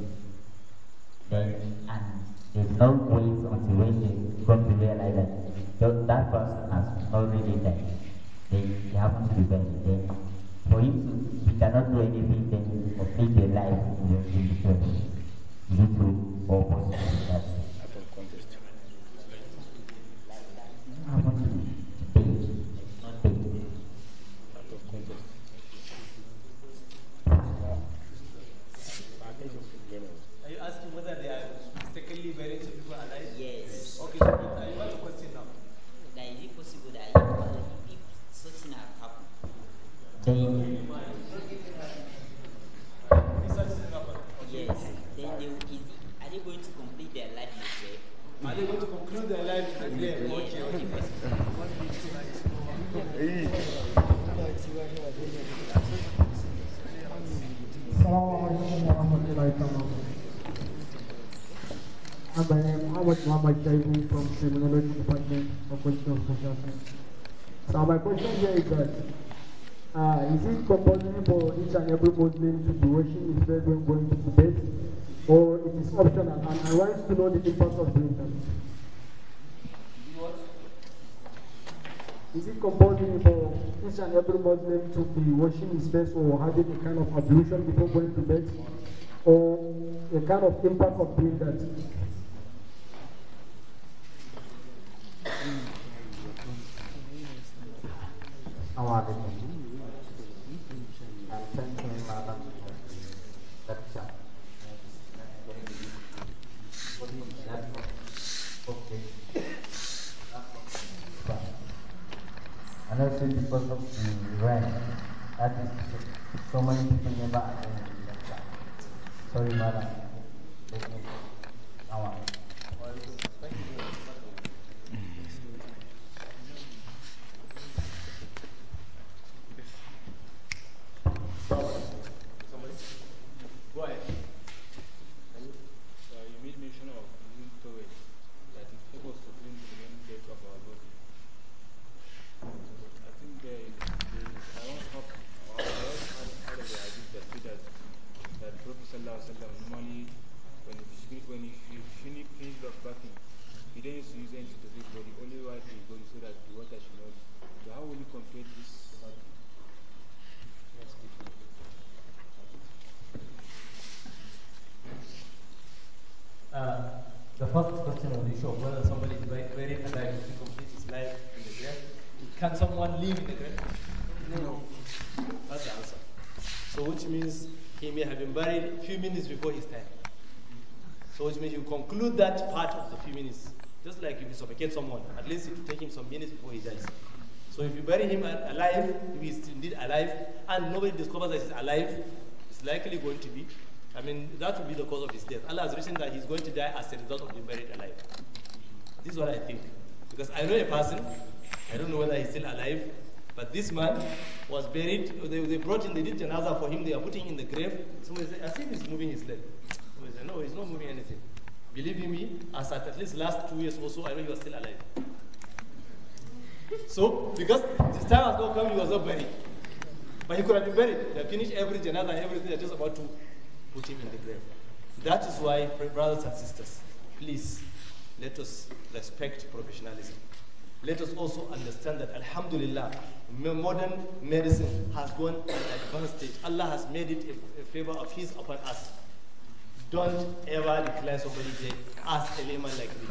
then and there's no ways on the way you're to realize that that person has already died. They, they happen to be buried. Then for him, he cannot do anything. Then complete their life in the, in the church. Is it true or possible? So I from Criminology Department of Now my question here is that uh, is it compulsory for each and every Muslim to be washing his face going to bed, or it is optional? And I want to know the impact of doing that. Is it compulsory for each and every Muslim to be washing his face or having a kind of ablution before going to bed? or a kind of impact of doing that. Assalamualaikum. And thank you, Madam Lecture. And also because of the rain, that is so many people never attend. 所以买了，对，拿完。didn't use any specific body, only water to body that the water should not. So how will you compare this? Uh, the first question on the issue of whether somebody is buried alive to complete his life in the grave. Can someone live in the grave? No. That's the answer. So which means he may have been buried a few minutes before his time. So which means you conclude that part of the few minutes just like if you suffocate someone, at least it will take him some minutes before he dies. So if you bury him alive, if he's indeed alive, and nobody discovers that he's alive, it's likely going to be, I mean, that will be the cause of his death. Allah has written that he's going to die as a result of being buried alive. This is what I think. Because I know a person, I don't know whether he's still alive, but this man was buried, they, they brought in, they did janaza for him, they are putting in the grave. Somebody said, I think he's moving his leg. Somebody said, no, he's not moving anything. Believe me, as at, at least last two years or so, I know you are still alive. So, because this time has not come, he was not buried. But he could have been buried. They finished every janazah and everything, they're just about to put him in the grave. That is why, brothers and sisters, please, let us respect professionalism. Let us also understand that, alhamdulillah, modern medicine has gone an advanced stage. Allah has made it a, a favor of His upon us. Don't ever decline somebody dead as a layman like me.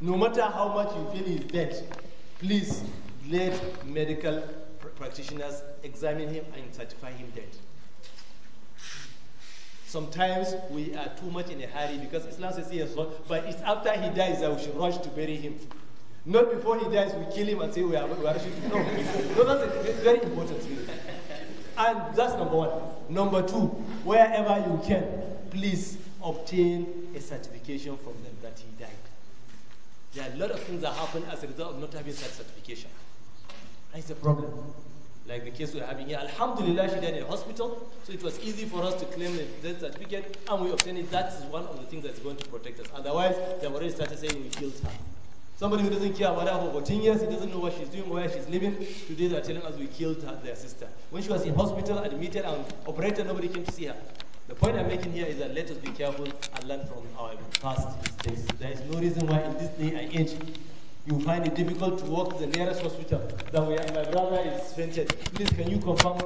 No matter how much you feel he's dead, please let medical pr practitioners examine him and certify him dead. Sometimes we are too much in a hurry because Islam says yes, but it's after he dies that we should rush to bury him. Not before he dies, we kill him and say we are, we are shooting. No, no, that's a very important thing. And that's number one. Number two, wherever you can, please obtain a certification from them that he died. There are a lot of things that happen as a result of not having such certification. That is a problem. Like the case we're having here. Alhamdulillah, she died in hospital, so it was easy for us to claim the death certificate and we obtained it. That is one of the things that's going to protect us. Otherwise, they've already started saying we killed her. Somebody who doesn't care about her for 14 years, he doesn't know what she's doing, where she's living. Today they're telling us we killed her, their sister. When she was in hospital, admitted and operated, nobody came to see her. The point I'm making here is that let us be careful and learn from our past mistakes. There is no reason why in this day and age you find it difficult to walk the nearest hospital. That way, my brother is fainted. Please, can you confirm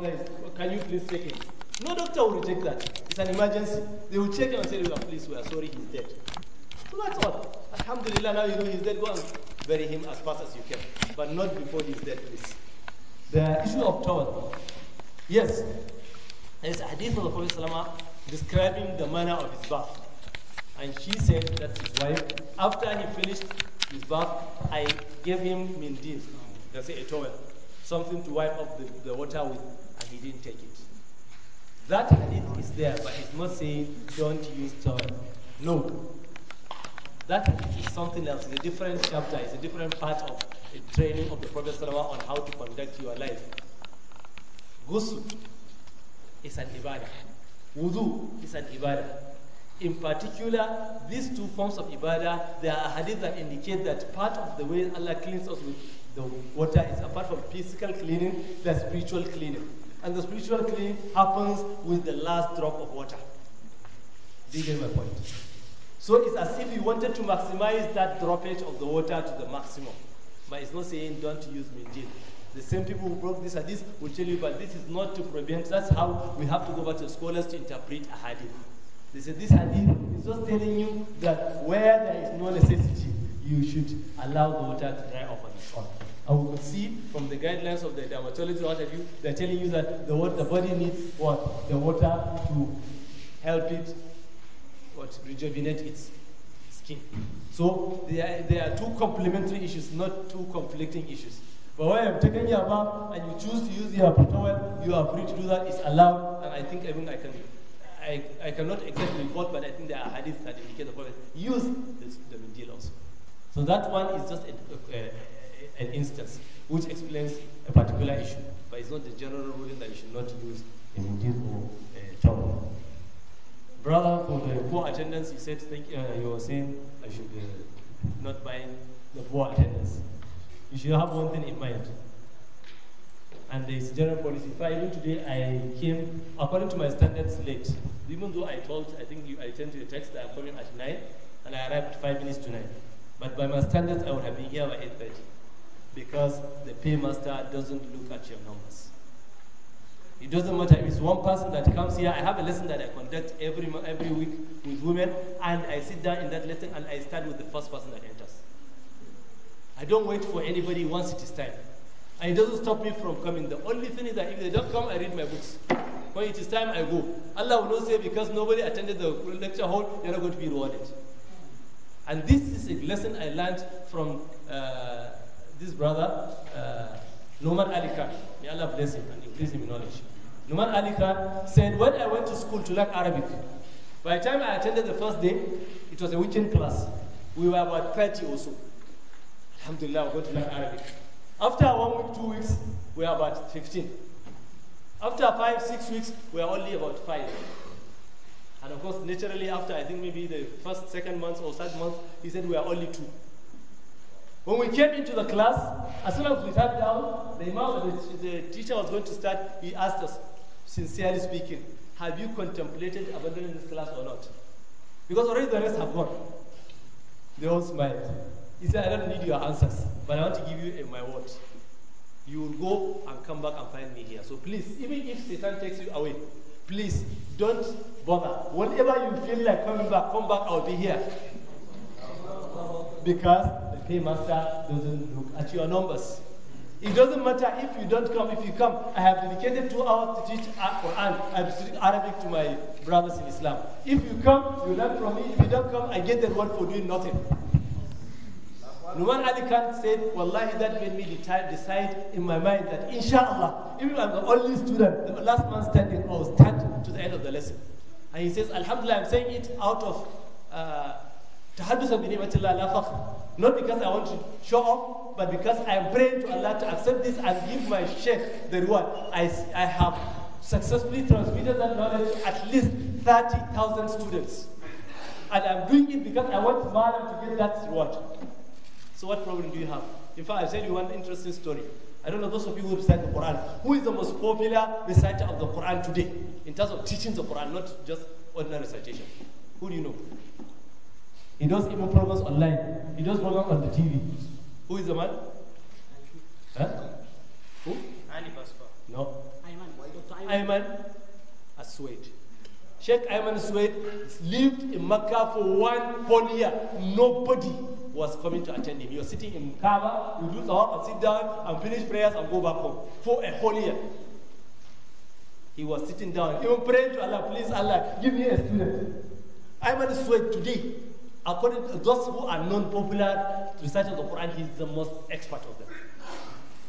can you please check him? No doctor will reject that. It's an emergency. They will check him and say, oh, please, we are sorry, he's dead. So that's all. Alhamdulillah, now you know he's dead. Go and bury him as fast as you can. But not before he's dead, please. The issue of towel. Yes. There's a hadith of the Prophet describing the manner of his bath. And she said that his wife, after he finished his bath, I gave him mindil, that's a towel, something to wipe up the, the water with, and he didn't take it. That hadith is there, but it's not saying don't use towel. No. That is something else. It's a different chapter. It's a different part of the training of the Prophet on how to conduct your life. Ghusl is an ibadah wudu is an ibadah. In particular, these two forms of ibadah, there are hadith that indicate that part of the way Allah cleans us with the water is apart from physical cleaning, the spiritual cleaning. And the spiritual cleaning happens with the last drop of water. Do you get my point? So it's as if you wanted to maximize that droppage of the water to the maximum. But it's not saying don't use Minjil. The same people who broke this hadith will tell you, but this is not to prevent. That's how we have to go back to scholars to interpret a hadith. They say this hadith is just telling you that where there is no necessity, you should allow the water to dry up on its own. And we could see from the guidelines of the dermatology, what have you, they're telling you that the, water, the body needs what? The water to help it what, rejuvenate its skin. So there there are two complementary issues, not two conflicting issues. But when I'm taking your bath and you choose to use your towel, you are free to do that. It's allowed, and I think even I can, I, I cannot exactly report, but I think there are hadiths that indicate the Prophet used this, the mindil also. So that one is just a, a, a, an instance which explains a particular issue, but it's not the general ruling that you should not use a mindil or a uh, Brother, for the poor attendance, you said thank, uh, you were saying I should uh, not buy the poor attendance you should have one thing in mind. And there is general policy. If I even today, I came, according to my standards, late. Even though I told, I think you, I sent you a text that I'm coming at 9, and I arrived 5 minutes to 9. But by my standards, I would have been here by 8.30 because the paymaster doesn't look at your numbers. It doesn't matter if it's one person that comes here. I have a lesson that I conduct every, every week with women, and I sit down in that lesson and I start with the first person that enters. I don't wait for anybody once it is time. And it doesn't stop me from coming. The only thing is that if they don't come, I read my books. When it is time, I go. Allah will not say because nobody attended the lecture hall, you're not going to be rewarded. And this is a lesson I learned from uh, this brother, uh, Noman Alika. May Allah bless him and increase him in knowledge. Noman Alika said, when I went to school to learn Arabic, by the time I attended the first day, it was a weekend class. We were about 30 or so. Alhamdulillah, we going to learn Arabic. After one week, two weeks, we are about 15. After five, six weeks, we are only about five. And of course, naturally, after I think maybe the first, second month or third month, he said we are only two. When we came into the class, as soon as we sat down, the imam, the, the teacher was going to start, he asked us, sincerely speaking, have you contemplated abandoning this class or not? Because already the rest have gone. They all smiled. He said, I don't need your answers, but I want to give you eh, my word. You will go and come back and find me here. So please, even if Satan takes you away, please don't bother. Whenever you feel like coming back, come back, I'll be here. Because the paymaster doesn't look at your numbers. It doesn't matter if you don't come. If you come, I have dedicated two hours to teach Quran. I'm teaching Arabic to my brothers in Islam. If you come, you learn from me. If you don't come, I get the word for doing nothing. Numan Ali Khan said, Wallahi, that made me decide in my mind that, inshallah, even if I'm the only student, the last man standing, I'll stand to the end of the lesson. And he says, Alhamdulillah, I'm saying it out of uh, tahaddusa Not because I want to show off, but because I am praying to Allah to accept this and give my sheikh the reward. I, I have successfully transmitted that knowledge to at least 30,000 students. And I'm doing it because I want Malam to get that reward. So what problem do you have? In fact, I'll tell you one interesting story. I don't know those of you who recite the Quran. Who is the most popular reciter of the Quran today in terms of teaching the Quran, not just ordinary recitation? Who do you know? He does even programs online. He does programs on the TV. Who is the man? Huh? Who? Ali Basfa. No. Ayman. Why Ayman? Ayman Aswed. Sheikh Ayman Aswed lived in Makkah for one whole year. Nobody was coming to attend him. You're sitting in Kaaba, you do Sahab and sit down and finish prayers and go back home for a whole year. He was sitting down, even praying to Allah, please Allah, give me a student. I am might swear today, according to those who are non-popular reciters of the Quran, he's the most expert of them.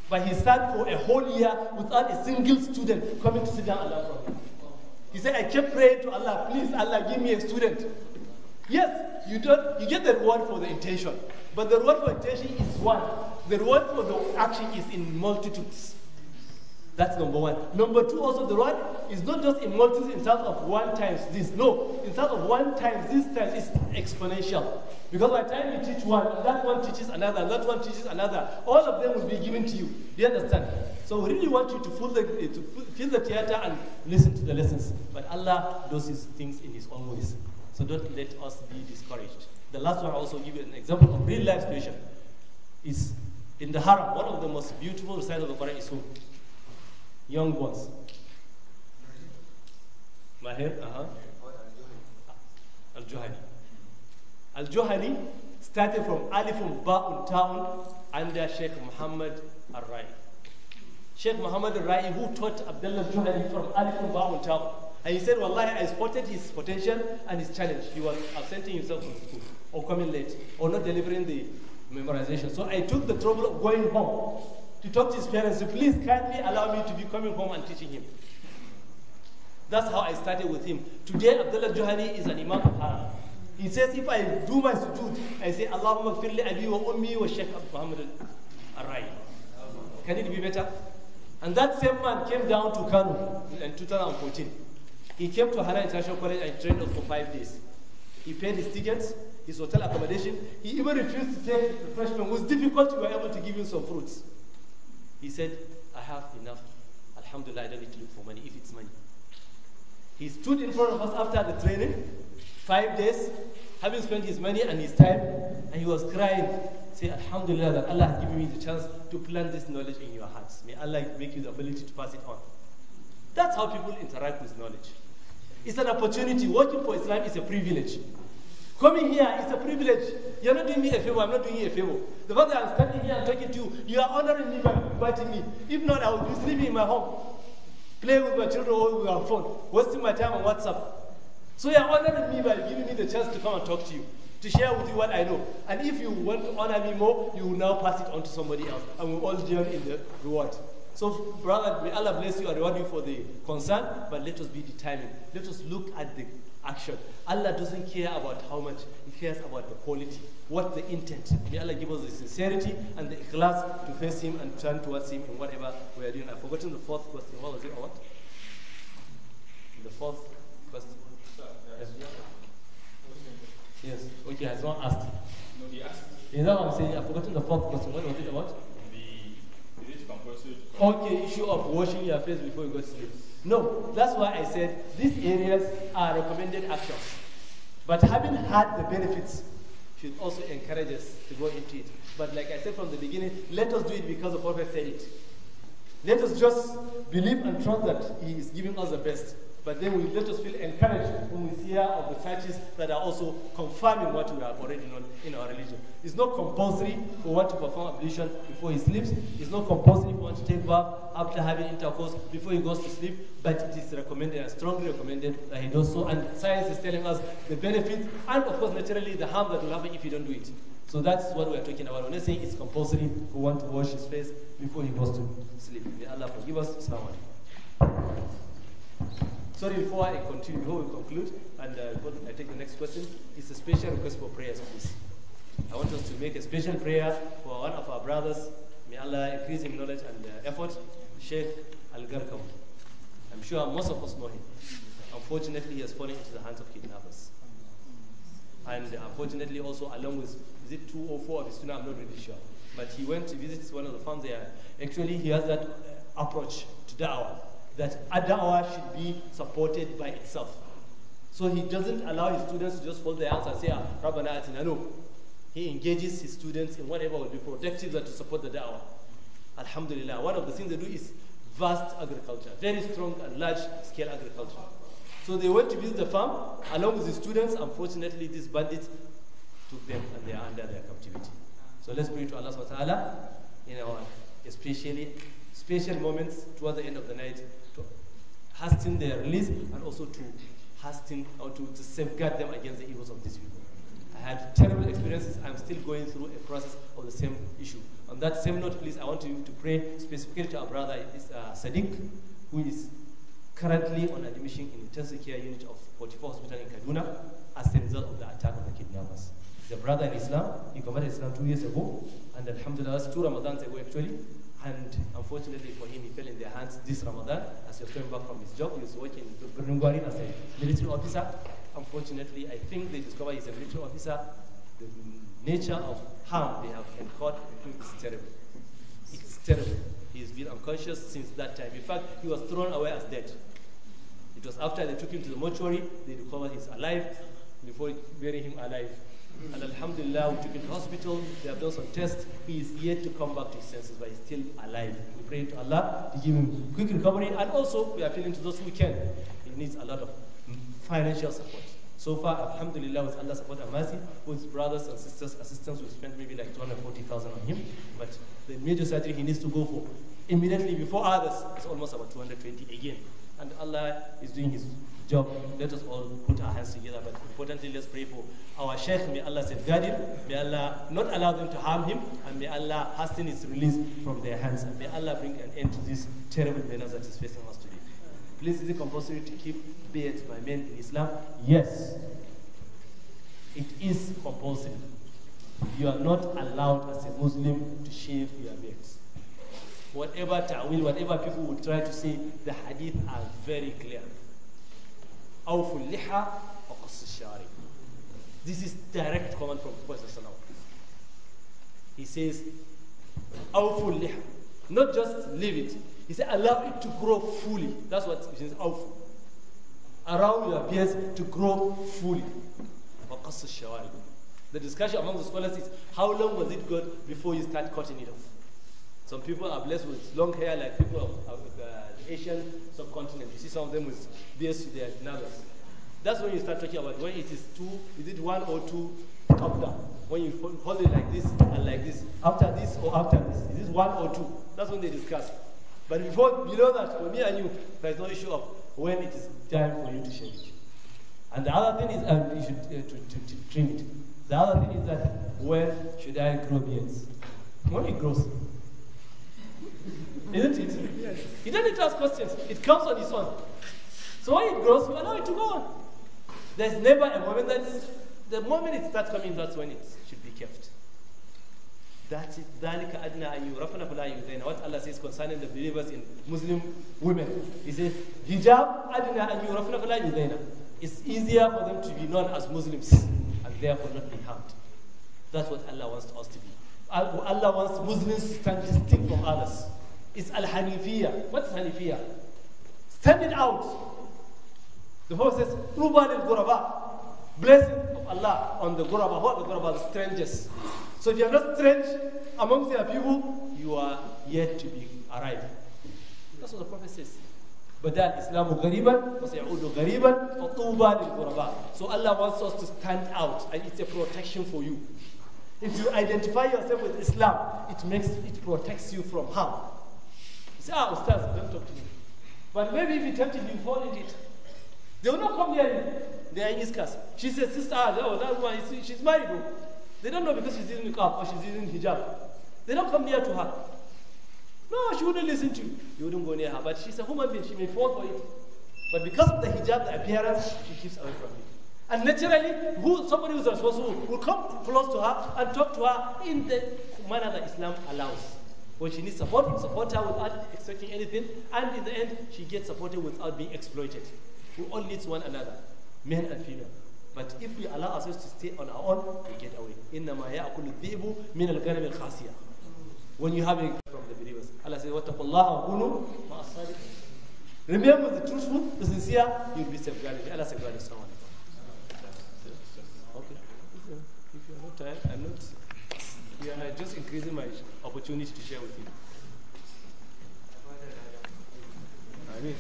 But he sat for a whole year without a single student coming to sit down and Allah from him. He said, I kept praying to Allah, please Allah, give me a student. Yes, you don't you get the reward for the intention, but the reward for intention is one. The reward for the action is in multitudes. That's number one. Number two, also the reward is not just in multitudes in terms of one times this. No, in terms of one times this times it's exponential. Because by the time you teach one, that one teaches another, that one teaches another. All of them will be given to you. Do you understand? So we really want you to feel the, to fill the theater and listen to the lessons. But Allah does His things in His own ways. So don't let us be discouraged. The last one I also give you an example of real life situation. Is in the haram, one of the most beautiful recital of the Quran is who? Young ones. Mahir, uh-huh. Al-Juhani. Al-Juhani started from Alifun Ba'un town under Sheikh Muhammad Al-Rai. Sheikh Muhammad Al-Rai who taught Abdullah Juhani from Alifun Ba'un town. And he said, Wallahi, I spotted his potential and his challenge. He was absenting himself from school, or coming late, or not delivering the memorization. So I took the trouble of going home to talk to his parents to please kindly allow me to be coming home and teaching him. That's how I started with him. Today, Abdullah Johani is an Imam of Haram. He says, if I do my sujood, I say, Allahumma firli abi wa ummi wa Sheikh Muhammad al-Arai. Can it be better? And that same man came down to Kanu in 2014. He came to Hana International College and trained us for five days. He paid his tickets, his hotel accommodation. He even refused to take the freshman, was difficult, we were able to give him some fruits. He said, I have enough. Alhamdulillah, I don't need to look for money, if it's money. He stood in front of us after the training, five days, having spent his money and his time, and he was crying. Say, Alhamdulillah, that Allah has given me the chance to plant this knowledge in your hearts. May Allah make you the ability to pass it on. That's how people interact with knowledge. It's an opportunity. Working for Islam is a privilege. Coming here is a privilege. You're not doing me a favor, I'm not doing you a favor. The fact that I'm standing here and talking to you, you are honoring me by inviting me. If not, I would be sleeping in my home, playing with my children or with my phone, wasting my time on WhatsApp. So you're honoring me by giving me the chance to come and talk to you, to share with you what I know. And if you want to honor me more, you will now pass it on to somebody else, and we'll all join in the reward. So, brother, may Allah bless you and reward you for the concern, but let us be determined. Let us look at the action. Allah doesn't care about how much, He cares about the quality, what the intent. May Allah give us the sincerity and the ikhlas to face Him and turn towards Him in whatever we are doing. I've forgotten the fourth question. What was it? Or what? The fourth question. Yes. Okay, has one asked. No, he asked. You know, what I'm saying? I've forgotten the fourth question. What was it about? okay issue of washing your face before you go to sleep. No, that's why I said these areas are recommended actions. But having had the benefits should also encourage us to go into it. But like I said from the beginning, let us do it because the Prophet said it. Let us just believe and trust that He is giving us the best. But then we let us feel encouraged when we hear of the churches that are also confirming what we have already known in our religion. It's not compulsory for one to perform ablution before he sleeps. It's not compulsory for one to take bath after having intercourse before he goes to sleep. But it is recommended and strongly recommended that he does so. And science is telling us the benefits and, of course, naturally the harm that will happen if you don't do it. So that's what we're talking about. When I say it's compulsory for one to wash his face before he goes to sleep. May Allah forgive us. Assalamu Sorry, before I continue, before we conclude, and uh, I take the next question, it's a special request for prayers, please. I want us to make a special prayer for one of our brothers. May Allah increase in knowledge and uh, effort, Sheikh Al Garkam. I'm sure most of us know him. Unfortunately, he has fallen into the hands of kidnappers. And unfortunately, also, along with, is it 204 of his student? I'm not really sure. But he went to visit one of the farms there. Actually, he has that uh, approach to da'wah that adawa should be supported by itself. So he doesn't allow his students to just fold their hands and say, ah, Rabbana atina. No. He engages his students in whatever will be productive and to support the da'wah. Alhamdulillah. One of the things they do is vast agriculture, very strong and large scale agriculture. So they went to visit the farm along with the students. Unfortunately, these bandits took them and they are under their captivity. So let's pray to Allah subhanahu wa ta'ala in our especially special moments towards the end of the night hasten their release and also to hasten or to, to safeguard them against the evils of these people. I had terrible experiences. I'm still going through a process of the same issue. On that same note, please, I want you to pray specifically to our brother is, uh, Sadiq, who is currently on admission in intensive care unit of 44 Hospital in Kaduna as a result of the attack of the kidnappers. He's a brother in Islam. He converted Islam two years ago, and Alhamdulillah, two Ramadans ago actually. And unfortunately for him, he fell in their hands this Ramadan. As he was coming back from his job, he was working in Brunungwarin as a military officer. Unfortunately, I think they discovered he's a military officer. The nature of harm they have incurred is terrible. It's terrible. He's been unconscious since that time. In fact, he was thrown away as dead. It was after they took him to the mortuary, they discovered he's alive before burying him alive. And Alhamdulillah, we took him to hospital. They have done some tests. He is yet to come back to his senses, but he's still alive. We pray to Allah to give him quick recovery. And also, we are appealing to those who can. He needs a lot of financial support. So far, Alhamdulillah, with Allah's support and mercy, with his brothers and sisters' assistance, we spent maybe like 240,000 on him. But the major surgery he needs to go for immediately before others is almost about 220 again. And Allah is doing his job. Let us all put our hands together, but importantly, let's pray for our Sheikh. May Allah safeguard him. May Allah not allow them to harm him, and may Allah hasten his release from their hands. And may Allah bring an end to this terrible menace that is facing us today. Please, is it compulsory to keep beards by men in Islam? Yes, it is compulsory. You are not allowed as a Muslim to shave your beards whatever ta'wil, whatever people will try to say, the hadith are very clear. أوفوا اللحى وقص This is direct command from the Prophet He says, أوفوا اللحى. Not just leave it. He said, allow it to grow fully. That's what he means, أوفوا. Allow your beards to grow fully. The discussion among the scholars is how long was it good before you start cutting it off? Some people are blessed with long hair, like people of, of uh, the Asian subcontinent. You see some of them with beards to their nadas. That's when you start talking about when it is two, is it one or two up down? When you hold it like this and like this, after this or after this, is this one or two? That's when they discuss. But before below that, for me and you, there is no issue of when it is time for you to shave it. And the other thing is, and you should uh, to, to, to trim it. The other thing is that when should I grow beards? When it grows, isn't it? Yes. He doesn't ask questions. It comes on its own. So when it grows, we allow it to go on. There's never a moment that's the moment it starts coming, that's when it should be kept. That's it. What Allah says concerning the believers in Muslim women. He says, hijab adina It's easier for them to be known as Muslims and therefore not be harmed. That's what Allah wants us to be. Allah wants Muslims to stand distinct from others is Al Hanifiya. What's Hanifiya? it out. The Prophet says, Ruban al quraba Blessing of Allah on the Quraba. What the Quraba? The strangers. So if you are not strange amongst your people, you are yet to be arrived. That's what the Prophet says. بدأ الإسلام غريبا وسيعود غريبا فطوبى للغرباء So Allah wants us to stand out and it's a protection for you. If you identify yourself with Islam, it makes it protects you from harm. Say, ah, Ustaz, don't talk to me. But maybe if you tempted, you fall in it. They will not come here. They are in class. She says, sister, oh, that one, she's married. bro. Oh. They don't know because she's using niqab or she's using hijab. They don't come near to her. No, she wouldn't listen to you. You wouldn't go near her. But she's a human being. She may fall for it. But because of the hijab, the appearance, she keeps away from you. And naturally, who somebody who's responsible will come close to her and talk to her in the manner that Islam allows. When she needs support, we support her without expecting anything. And in the end, she gets supported without being exploited. We all need one another, men and female. But if we allow ourselves to stay on our own, we get away. When you have it from the believers, Allah says, وَاتَّقُوا اللَّهَ وَكُونُوا مَا Remember the truthful, the sincere, you'll be safeguarded. Allah safeguarded someone. Okay. If you're not tired, I'm not. are just increasing my opportunity to share with you. I mean,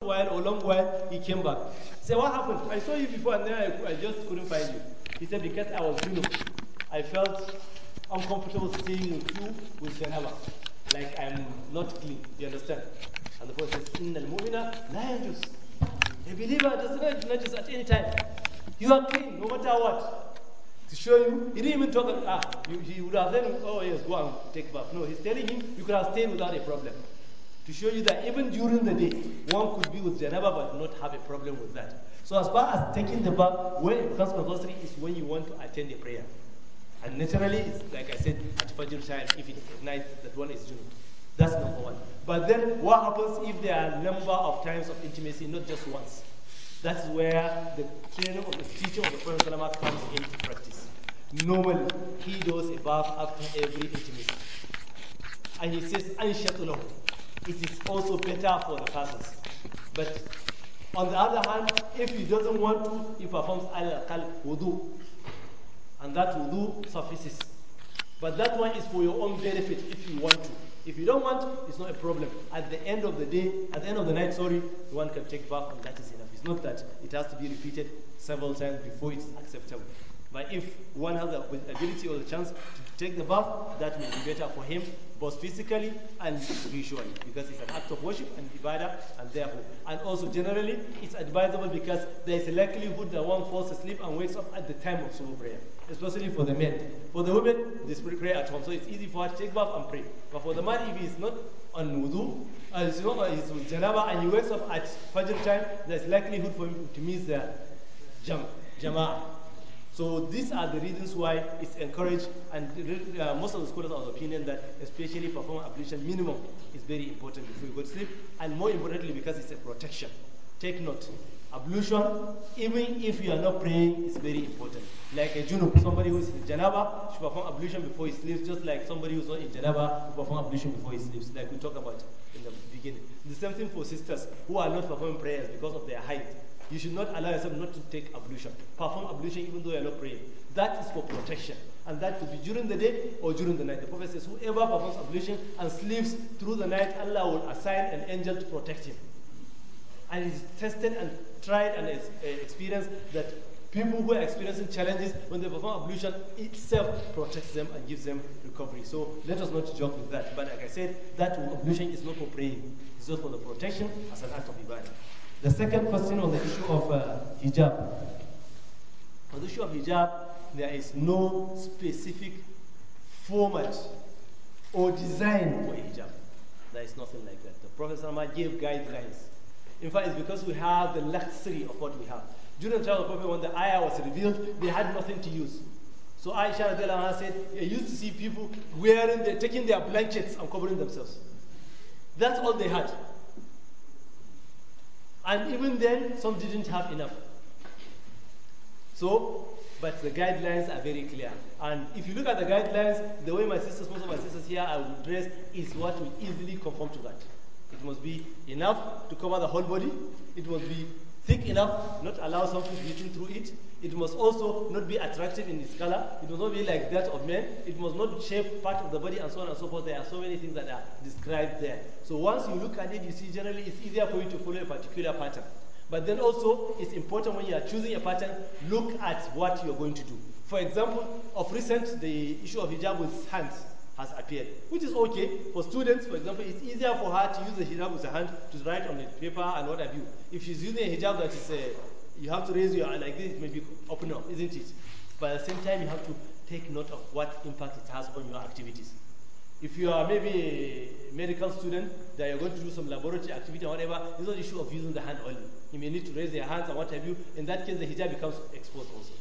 while or long while he came back. Say, what happened? I saw you before and then I, I just couldn't find you. He said, because I was you know, I felt uncomfortable staying with you with janaba. Like I'm not clean. Do you understand? And the Prophet says, Inna al-mu'mina la yajus. A believer does not just at any time. You are clean, no matter what to show you, he didn't even talk, ah, you, he would have said, oh yes, go on, take bath. No, he's telling him, you could have stayed without a problem. To show you that even during the day, one could be with Janaba but not have a problem with that. So as far as taking the bath, when it becomes compulsory is when you want to attend a prayer. And naturally, it's like I said, at Fajr time, if it's night, that one is Junub. That's number one. But then what happens if there are a number of times of intimacy, not just once? That's where the training of the teaching of the Prophet ﷺ comes into practice. Normally, he does a bath after every intimacy. And he says, Anshatulahu. It is also better for the persons. But on the other hand, if he doesn't want to, he performs al-kal wudu. And that wudu suffices. But that one is for your own benefit if you want to. If you don't want, it's not a problem. At the end of the day, at the end of the night, sorry, one can take bath and that is enough. It's not that it has to be repeated several times before it's acceptable. But if one has the ability or the chance to take the bath, that will be better for him, both physically and visually, because it's an act of worship and divider, and therefore. And also, generally, it's advisable because there is a likelihood that one falls asleep and wakes up at the time of sumo prayer, especially for the men. For the women, this pray at home, so it's easy for her to take bath and pray. But for the man, if he is not on wudu, as you know, he's with uh, janaba, and he wakes up at fajr time, there's likelihood for him to miss the jam, jama'ah. So these are the reasons why it's encouraged, and uh, most of the scholars are of opinion that especially performing ablution minimum is very important before you go to sleep, and more importantly because it's a protection. Take note, ablution, even if you are not praying, is very important. Like a junub, somebody who is in janaba should perform ablution before he sleeps, just like somebody who is not in janaba should perform ablution before he sleeps, like we talked about in the beginning. The same thing for sisters who are not performing prayers because of their height you should not allow yourself not to take ablution. Perform ablution even though you're not praying. That is for protection. And that could be during the day or during the night. The Prophet says, whoever performs ablution and sleeps through the night, Allah will assign an angel to protect him. And it's tested and tried and it's, eh, experienced that people who are experiencing challenges, when they perform ablution, itself protects them and gives them recovery. So let us not joke with that. But like I said, that ablution is not for praying. It's not for the protection as an act of ibadah. The second question on the issue of uh, hijab. On the issue of hijab, there is no specific format or design for hijab. There is nothing like that. The Prophet Salman gave guidelines. In fact, it's because we have the luxury of what we have. During the time of the Prophet, when the ayah was revealed, they had nothing to use. So Aisha said, I used to see people wearing, their, taking their blankets and covering themselves. That's all they had. And even then, some didn't have enough. So, but the guidelines are very clear. And if you look at the guidelines, the way my sisters, most of my sisters here I would dress is what will easily conform to that. It must be enough to cover the whole body. It must be thick enough, not allow something to through it. It must also not be attractive in its color. It must not be like that of men. It must not shape part of the body and so on and so forth. There are so many things that are described there. So once you look at it, you see generally it's easier for you to follow a particular pattern. But then also, it's important when you are choosing a pattern, look at what you're going to do. For example, of recent, the issue of hijab with hands has appeared, which is okay for students. For example, it's easier for her to use the hijab with her hand to write on the paper and what have you. If she's using a hijab that is, uh, you have to raise your hand like this, Maybe open up, isn't it? But at the same time, you have to take note of what impact it has on your activities. If you are maybe a medical student that you're going to do some laboratory activity or whatever, it's not an issue of using the hand only. You may need to raise your hands and what have you. In that case, the hijab becomes exposed also.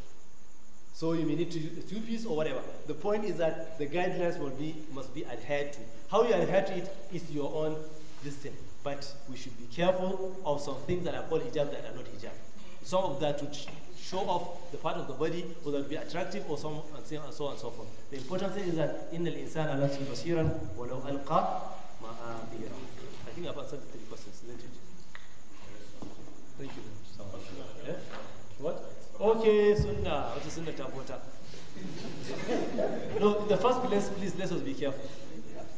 So you may need to use two piece or whatever. The point is that the guidelines will be, must be adhered to. How you adhere to it is your own this But we should be careful of some things that are called hijab that are not hijab. Some of that would show off the part of the body or that would be attractive or some and so on and so, forth. The important thing is that in the insan Allah I think I've answered the three questions, isn't it? Thank you. Okay, sunnah. What is sunnah tapota? No, in the first place, please let us be careful.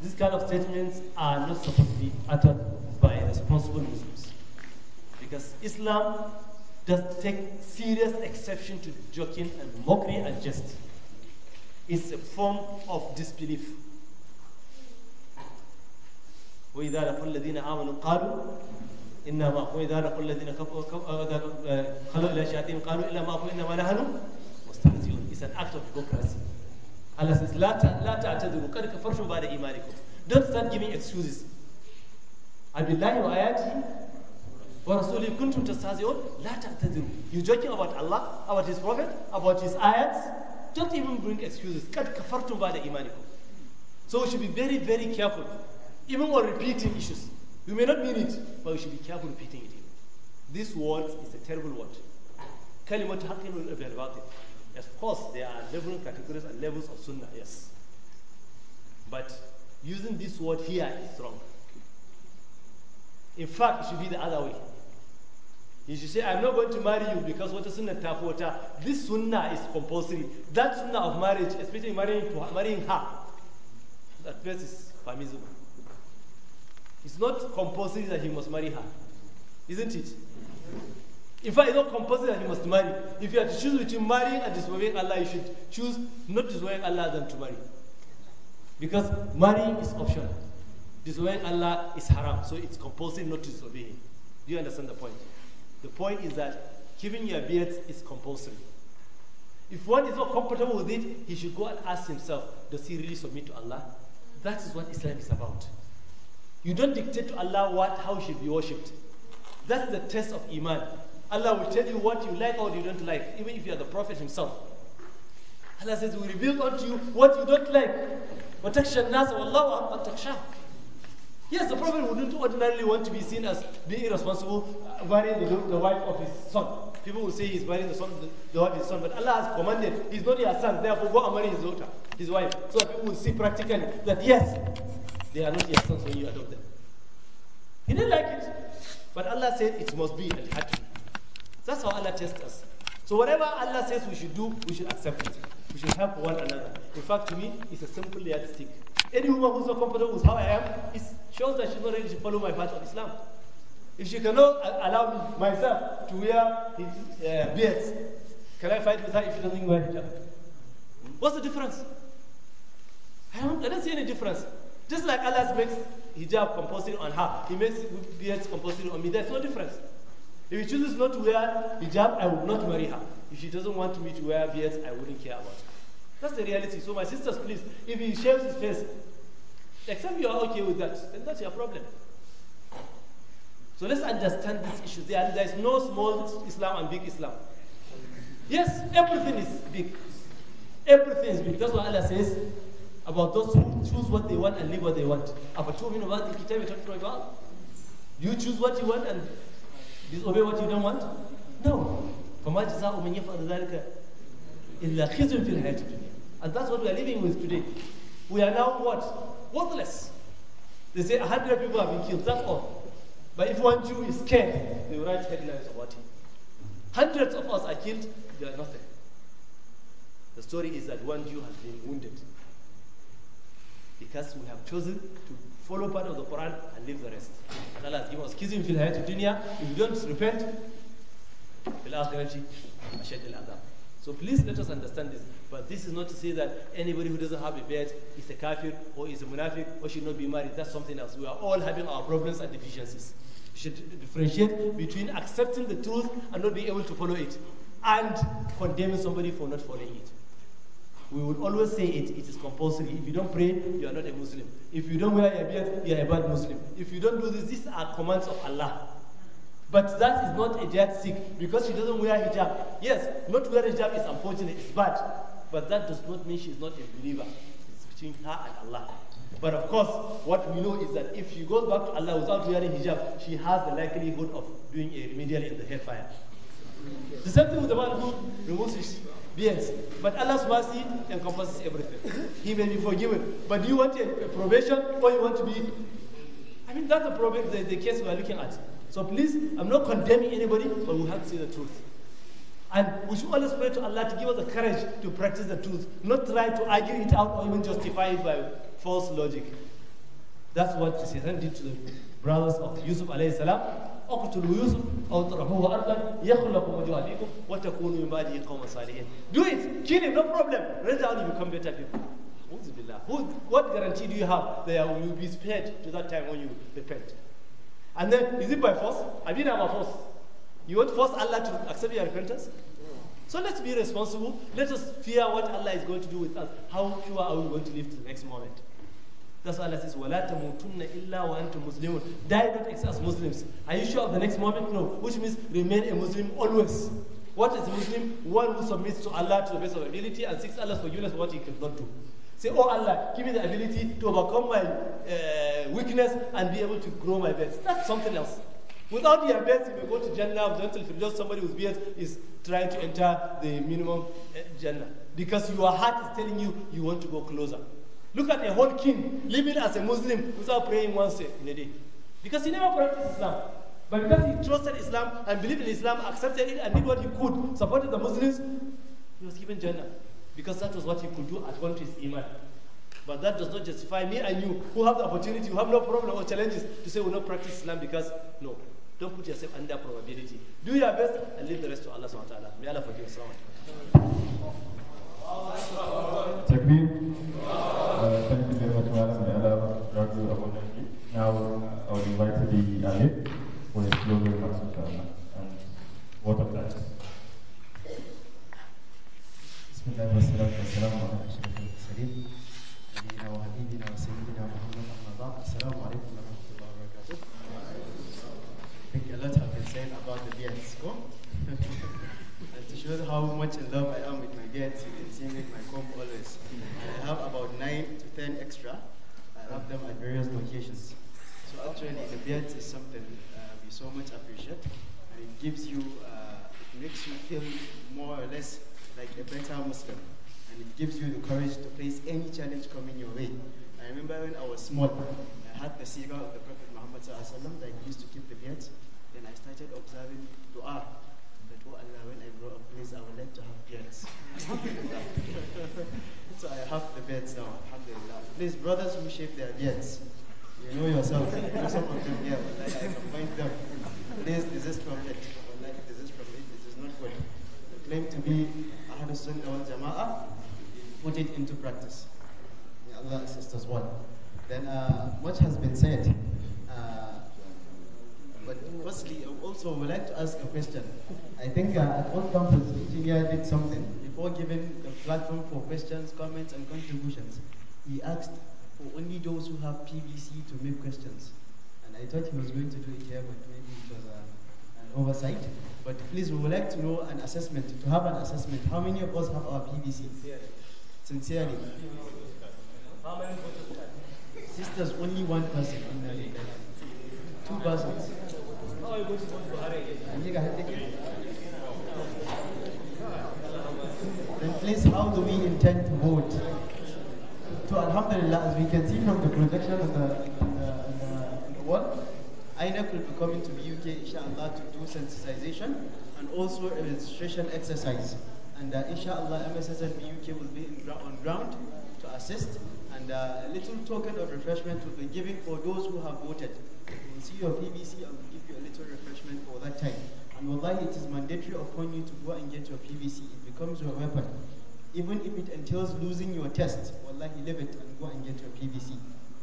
These kind of statements are not supposed to be uttered by responsible Muslims. Because Islam does take serious exception to joking and mockery and jest. It's a form of disbelief. وإذا لقوا الذين آمنوا قالوا انما هو اذا لقوا الذين خلقوا آه، آه، الى شياطين قالوا الا ما قلنا ما نحن مستهزئون اذا اكت اوف هيبوكراسي على اساس لا لا تعتذروا قد كفرتم بعد ايمانكم دونت ستارت جيفينج اكسكيوزز عبد الله واياته ورسوله كنتم تستهزئون لا تعتذروا يو جوكينج اباوت الله اباوت هيز بروفيت اباوت هيز ايتس دونت ايفن برينج اكسكيوزز قد كفرتم بعد ايمانكم So we should be very, very careful. Even when repeating issues, You may not mean it, but you should be careful repeating it. This word is a terrible word. Kalimat haqqin will be about it. Of course, there are different categories and levels of sunnah, yes. But using this word here is wrong. In fact, it should be the other way. You should say, I'm not going to marry you because what is sunnah tap water. This sunnah is compulsory. That sunnah of marriage, especially marrying, marrying her, that place is permissible. It's not compulsory that he must marry her, isn't it? In fact, it's not compulsory that he must marry. If you have to choose between marrying and disobeying Allah, you should choose not disobeying Allah than to marry. Because marrying is optional. Disobeying Allah is haram, so it's compulsory not to disobey Him. Do you understand the point? The point is that keeping your beard is compulsory. If one is not comfortable with it, he should go and ask himself, does he really submit to Allah? That is what Islam is about. You don't dictate to Allah what, how should be worshipped. That's the test of Iman. Allah will tell you what you like or you don't like, even if you are the Prophet himself. Allah says, We reveal unto you what you don't like. Yes, the Prophet wouldn't ordinarily want to be seen as being irresponsible, marrying uh, the, the, wife of his son. People will say he's marrying the, son, the, the wife of his son, but Allah has commanded, he's not your son, therefore go and marry his daughter, his wife. So people will see practically that yes, they are not your sons when you adopt them. He didn't like it. But Allah said it must be al haqq That's how Allah tests us. So whatever Allah says we should do, we should accept it. We should help one another. In fact, to me, it's a simple yardstick. Any woman who's not comfortable with how I am, it shows that she's not ready to follow my path of Islam. If she cannot allow myself to wear his uh, beards, can I fight with her if she doesn't wear hijab? What's the difference? I don't, I don't see any difference. Just like Allah makes hijab compulsory on her, He makes beards compulsory on me. There's no difference. If she chooses not to wear hijab, I will not marry her. If she doesn't want me to wear beards, I wouldn't care about it. That's the reality. So my sisters, please, if he shaves his face, except you are okay with that, then that's your problem. So let's understand this issue. There, there is no small Islam and big Islam. Yes, everything is big. Everything is big. That's what Allah says about those who choose what they want and live what they want. أفتؤمن ببعض الكتاب وتكفر the about? you choose what you want and disobey what you don't want? No. And that's what we are living with today. We are now what? Worthless. They say 100 people have been killed, that's all. But if one Jew is scared, they write headlines about him. Hundreds of us are killed, they are nothing. The story is that one Jew has been wounded because we have chosen to follow part of the Quran and leave the rest. Allah has given us kizim fil hayat dunya. If we don't repent, fil akhirati So please let us understand this. But this is not to say that anybody who doesn't have a bed is a kafir or is a munafiq or should not be married. That's something else. We are all having our problems and deficiencies. We should differentiate between accepting the truth and not being able to follow it and condemning somebody for not following it. We would always say it, it is compulsory. If you don't pray, you are not a Muslim. If you don't wear a beard, you are a bad Muslim. If you don't do this, these are commands of Allah. But that is not a dead sick because she doesn't wear hijab. Yes, not wearing hijab is unfortunate, it's bad. But that does not mean she's not a believer. It's between her and Allah. But of course, what we know is that if she goes back to Allah without wearing hijab, she has the likelihood of doing a remedial in the hellfire. The same thing with the one who removes his beards. But Allah's mercy encompasses everything. He may be forgiven. But do you want a, a probation or you want to be? I mean, that's the, problem, the, the case we are looking at. So please, I'm not condemning anybody, but we have to say the truth. And we should always pray to Allah to give us the courage to practice the truth, not try to argue it out or even justify it by false logic. That's what Satan did to the brothers of Yusuf alayhi salam. اقتلوا يوسف او اطرحوه ارضا يخلق وجوه لكم وتكونوا من بعده قوما صالحين do it kill him no problem later on you become better people Who, what guarantee do you have that you will be spared to that time when you repent? And then, is it by force? I didn't have a force. You want force Allah to accept your repentance? So let's be responsible. Let us fear what Allah is going to do with us. How pure are we going to live to the next moment? That's why Allah says, وَلَا تَمُوتُنَّ إِلَّا وَأَنْتُمْ مُسْلِمُونَ Die not except as Muslims. Are you sure of the next moment? No. Which means remain a Muslim always. What is a Muslim? One who submits to Allah to the best of ability and seeks Allah's forgiveness for what he cannot do. Say, oh Allah, give me the ability to overcome my uh, weakness and be able to grow my best. That's something else. Without the ability, if you go to Jannah, Jannah just somebody whose beard is trying to enter the minimum uh, Jannah. Because your heart is telling you you want to go closer. Look at a whole king living as a Muslim without praying once in a day. Because he never practiced Islam. But because he trusted Islam and believed in Islam, accepted it and did what he could, supported the Muslims, he was given Jannah. Because that was what he could do according to his Iman. But that does not justify me and you who have the opportunity, who have no problem or challenges to say we don't practice Islam because no. Don't put yourself under probability. Do your best and leave the rest to Allah subhanahu wa ta'ala. May Allah forgive us. Takbir. like to know an assessment, to have an assessment. How many of us have our PVC? Sincerely. How many Sisters, only one person. Two persons. Then please, how do we intend to vote? So Alhamdulillah, as we can see from the projection of the, the, the, the wall, INEC will be coming to the UK, inshallah, to do sensitization also a registration exercise. And uh, inshallah, MSSFB UK will be gr on ground to assist. And uh, a little token of refreshment will be given for those who have voted. We'll see your PVC and we'll give you a little refreshment for that time. And wallahi, it is mandatory upon you to go and get your PVC. It becomes your weapon. Even if it entails losing your test, wallahi, leave it and go and get your PVC.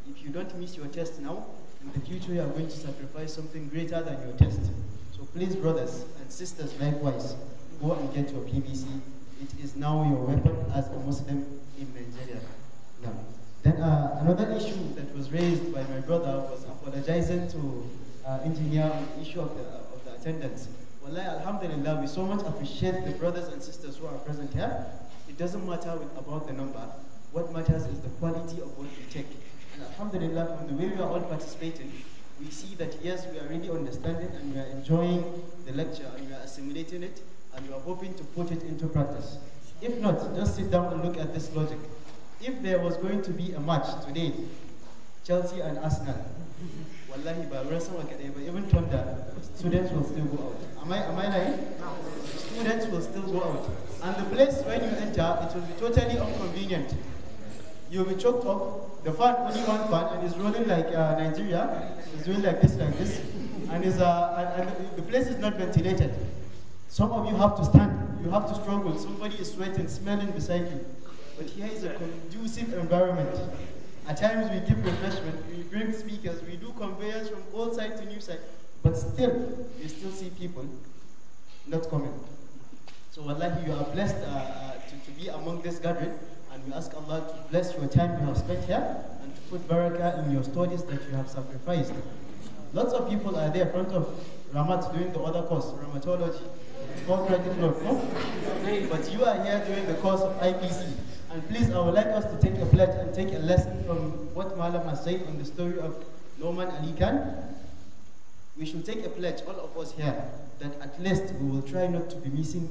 If you don't miss your test now, in the future you are going to sacrifice something greater than your test. So please, brothers and sisters, likewise, go and get your PVC. It is now your weapon as a Muslim in Nigeria. Now, then uh, another issue that was raised by my brother was apologizing to uh, engineer on the issue of the, uh, of the attendance. Well, alhamdulillah, we so much appreciate the brothers and sisters who are present here. It doesn't matter with, about the number. What matters is the quality of what we take. And alhamdulillah, from the way we are all participating, we see that yes, we are really understanding and we are enjoying the lecture and we are assimilating it and we are hoping to put it into practice. If not, just sit down and look at this logic. If there was going to be a match today, Chelsea and Arsenal, wallahi ba even Thunder, students will still go out. Am I am I right? No. Students will still go out. And the place when you enter, it will be totally inconvenient you'll be choked up. The fan, only one fan, and it's rolling like uh, Nigeria. It's doing like this, like this. And, it's, uh, and, and the place is not ventilated. Some of you have to stand. You have to struggle. Somebody is sweating, smelling beside you. But here is a conducive environment. At times we give refreshment, we bring speakers, we do conveyors from old side to new side. But still, you still see people not coming. So wallahi, you are blessed uh, uh to, to be among this gathering. And we ask Allah to bless your time you have spent here and to put barakah in your studies that you have sacrificed. Lots of people are there in front of Ramat doing the other course, rheumatology. More credit, But you are here doing the course of IPC. And please, I would like us to take a pledge and take a lesson from what Malam has said on the story of Norman Ali Khan. We should take a pledge, all of us here, that at least we will try not to be missing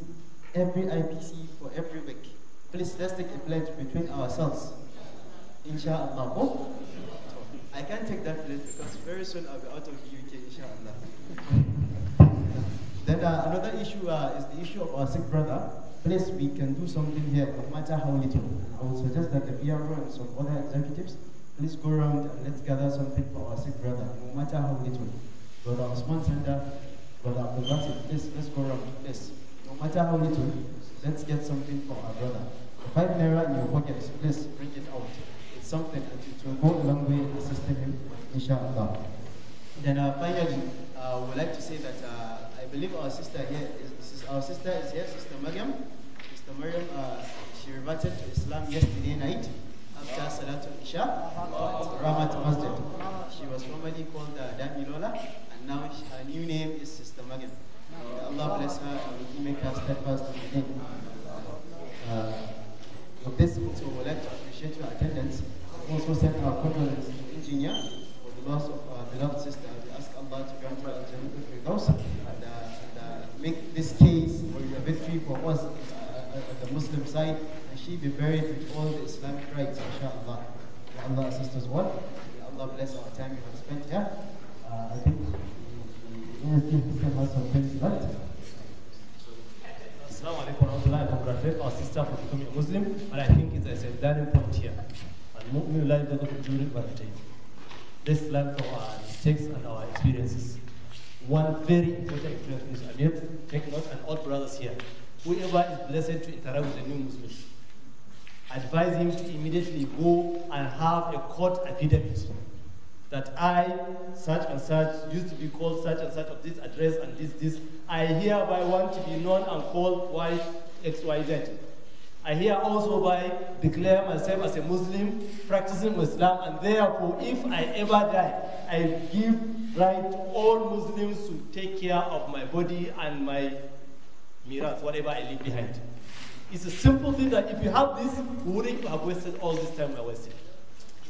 every IPC for every week. Please, let's take a pledge between ourselves. Inshallah. I can't take that pledge because very soon I'll be out of the UK, inshallah. then uh, another issue uh, is the issue of our sick brother. Please, we can do something here, no matter how little. I would suggest that the PRO and some other executives, please go around and let's gather something for our sick brother, no matter how little. Brother Osman Sender, Brother Abdul please, let's go around, please. No matter how little, let's get something for our brother. Five naira in your pocket, please bring it out. It's something that will go a long way in assisting him, inshallah. Then uh, finally, I uh, would like to say that uh, I believe our sister here is, our sister is here, Sister Miriam. Sister Miriam, uh, she reverted to Islam yesterday night after Salatul Isha at Ramat Masjid. She was formerly called uh, Dami Lola, and now she, her new name is Sister Miriam. Allah bless her and make her steadfast in the name. Uh, also send our condolences to engineer for the loss of our uh, uh, beloved sister. We ask Allah to grant her al Firdaus and, uh, and uh, make this case a victory for us uh, uh the Muslim side. And she be buried with all the Islamic rites. inshallah. May Allah assist us what? May Allah bless our time we have spent. perspective. Let's our mistakes and our experiences. One very important experience is Amir, take note, and all brothers here. Whoever is blessed to interact with a new Muslim, advise him to immediately go and have a court affidavit that I, such and such, used to be called such and such of this address and this, this. I hereby want to be known and called Y, X, Y, Z. I here also by declare myself as a Muslim, practicing Islam, and therefore, if I ever die, I give right to all Muslims to take care of my body and my mirrors, whatever I leave behind. It's a simple thing that if you have this, we wouldn't have wasted all this time we wasted.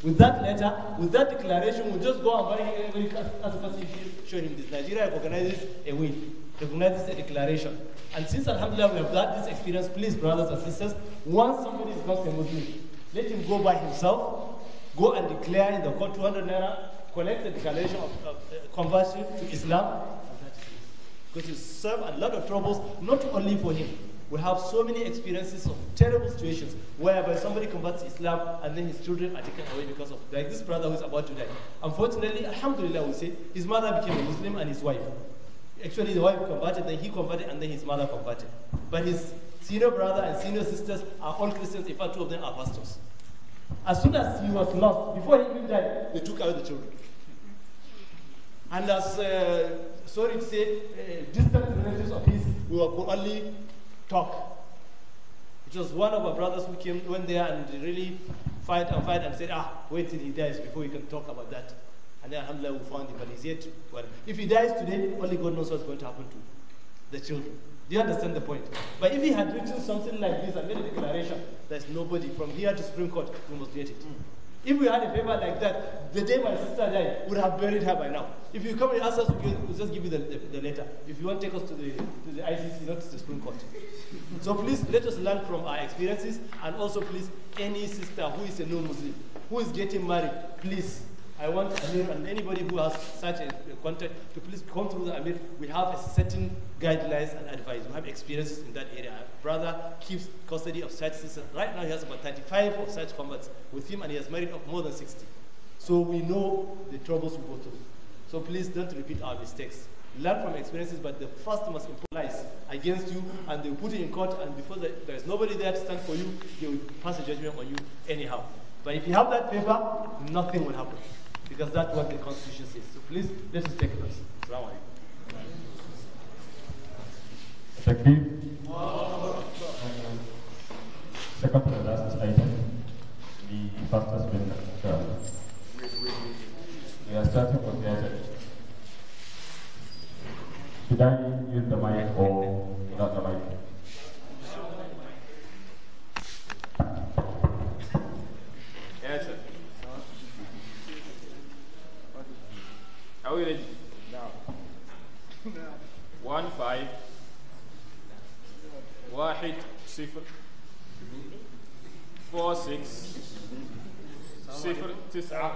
With that letter, with that declaration, we'll just go and bury every as a person show him this. Nigeria organizes a win recognize this declaration. And since Alhamdulillah we have got this experience, please, brothers and sisters, once somebody is not a Muslim, let him go by himself, go and declare in the court 200 naira, collect the declaration of, of uh, conversion to Islam, because it serves a lot of troubles, not only for him. We have so many experiences of terrible situations whereby somebody converts to Islam and then his children are taken away because of, like this brother who is about to die. Unfortunately, Alhamdulillah, we say his mother became a Muslim and his wife actually the wife converted, then he converted, and then his mother converted. But his senior brother and senior sisters are all Christians, in fact, two of them are pastors. As soon as he was lost, before he even died, they took away the children. And as, uh, sorry to say, uh, distant relatives of his, we were, could only talk. It was one of our brothers who came, went there and really fight and fight and said, ah, wait till he dies before we can talk about that. And then Alhamdulillah, we found him, but he's yet. Well, if he dies today, only God knows what's going to happen to the children. Do you understand the point? But if he had written something like this and made a declaration, there's nobody from here to Supreme Court who must get it. Mm. If we had a paper like that, the day my sister died, would have buried her by now. If you come and ask us, we'll just give you the, the, the letter. If you want, take us to the, to the ICC, not to the Supreme Court. so please, let us learn from our experiences. And also, please, any sister who is a new who is getting married, please, I want Amir and anybody who has such a, a contact to please come through the Amir. We have a certain guidelines and advice. We have experiences in that area. Our brother keeps custody of such sisters. Right now he has about 35 of such converts with him and he has married of more than 60. So we know the troubles we go through. So please don't repeat our mistakes. Learn from experiences, but the first must implies against you, and they will put you in court, and before the, there is nobody there to stand for you, they will pass a judgment on you anyhow. But if you have that paper, nothing will happen because that's what the constitution says. So please, let us take it. Assalamu alaikum. Second to the last item, the fastest winner. We are starting from the item. Should I use the mic or not the mic? واحد صفر four six صفر تسعة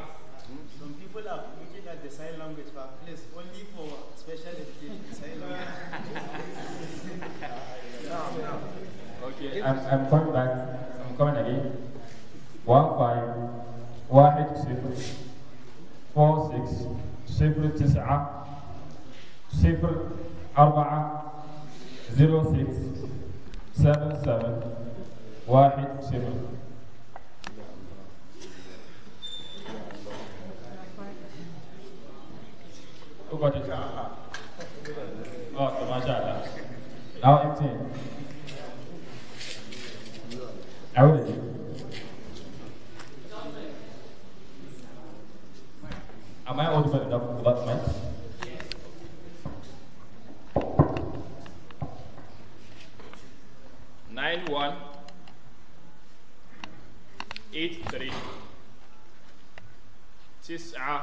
Some people are looking at the sign language, but please, only for special education, sign language. no, no. Okay. I'm, I'm coming back. I'm coming again. One five, four six, سبعة سبعة واحد صفر Okay, mashallah. Now 18. Awudi. Am I audible enough without mic? nine one eight three تسعة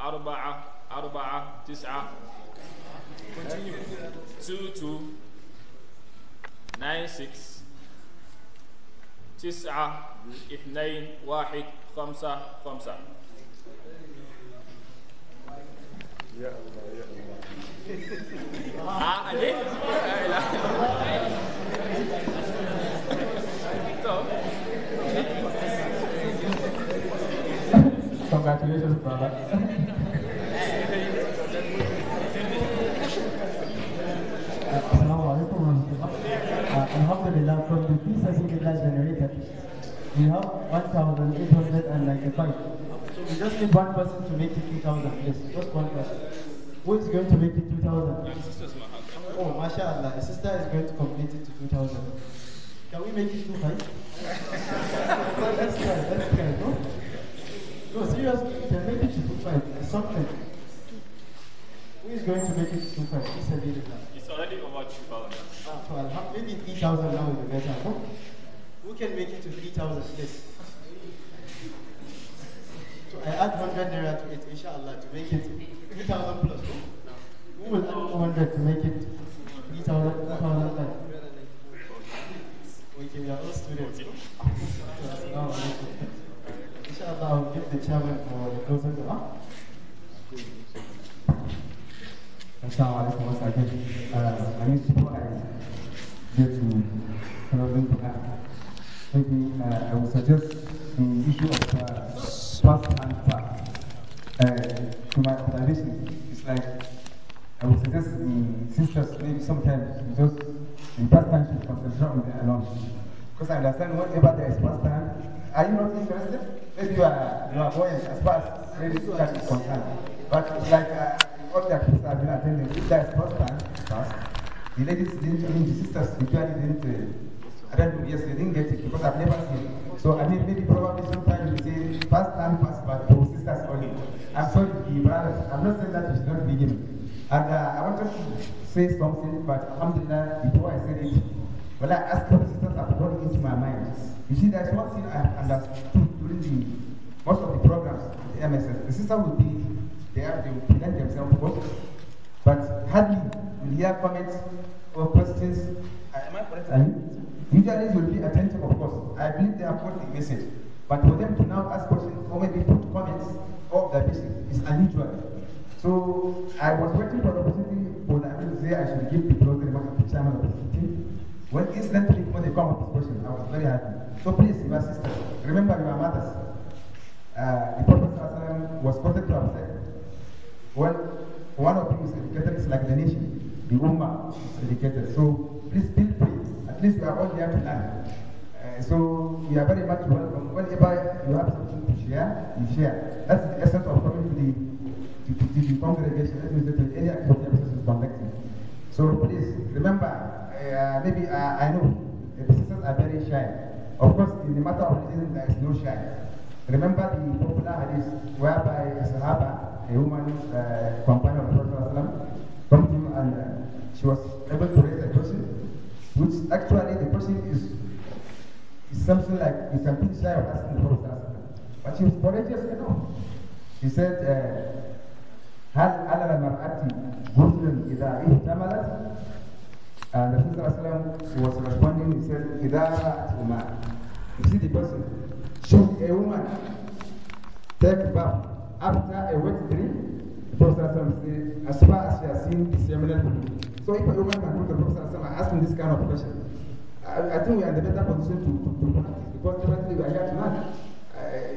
أربعة أربعة تسعة continue two two nine six تسعة اثنين واحد خمسة خمسة يا الله يا الله ها عليك لا اله الا الله Congratulations, brother. Alhamdulillah, from the peace last generated, we have 1,895. So we just need one person to make it 2,000. Yes, just one person. Who is going to make it 2,000? My sister's Oh, mashallah. Sister is going to complete it to 2,000. Can we make it 2,500? let's try, let's try, no? No, seriously, can I make it to five something. Who is going to make it to five? It's a It's already over 2,000. Ah, maybe 3,000 now will be better, no? Who can make it to 3,000, please? So I add 100 naira to it, inshallah, to make it 3,000 plus, no? Who will add 200 to make it 3,000, became your own student. no, Inshallah, I'll give the chairman for the closing remarks. Assalamu alaikum once again. Uh, I need to go and get to closing remarks. Maybe uh, I would suggest the issue of uh, past and past. Uh, to my observation, it's like I would suggest the sisters maybe sometimes just in past time should concentrate on the alone just understand whatever the response time. Are you not interested? Maybe you are, you are going as far as really that is But like uh, all the activities I've been attending, if the response time fast, the ladies didn't, I mean, the sisters didn't, I don't know, yes, they didn't get it because I've never seen it. So, I mean, maybe probably sometimes you say, first time, first but to sisters only. I'm sorry, the brothers, I'm not saying that you should not begin. And uh, I wanted to say something, but alhamdulillah, before I said it, but I ask the sisters have gone into my mind. You see, there's one thing I have understood during the most of the programs the MSS. The sisters will be there, they will present themselves first, but hardly will hear comments or questions. Am I correct? Usually they will be attentive, of course. I believe they have got the message. But for them to now ask questions or maybe put comments of their message is unusual. So I was waiting for the opportunity for the I should give the closing remarks of the chairman when instantly when they come with this question, I was very happy. So please, my sisters, remember your mothers. Uh, the Prophet was quoted to have said, when one of you is educated, it's like the nation, the Ummah is educated. So please feel free. At least we are all here to learn. Uh, so we are very much welcome. Whenever you have something to share, you share. That's the essence of coming to the, to, to, to the congregation. Let me say to any activity so please remember, eh, uh, maybe uh, I know the sisters are very shy. Of course, in the matter of religion, there is no shy. Remember the popular hadith whereby a Sahaba, a woman, uh, companion of Prophet, come to him and uh, she was able to raise a person, which actually the person is, is something like, is something shy of asking the Prophet. But she was courageous enough. She said, uh, هل على المرأة جزء إذا احتملت؟ Uh, the Prophet ﷺ was responding, he said, Hidayat woman. You see the person. Should a woman take bath after a wet dream? The Prophet ﷺ said, as far as she has seen the same level So if a woman can go to the Prophet ﷺ and ask him this kind of question, I, I think we are in a better position to, to, to practice because definitely we are here tonight.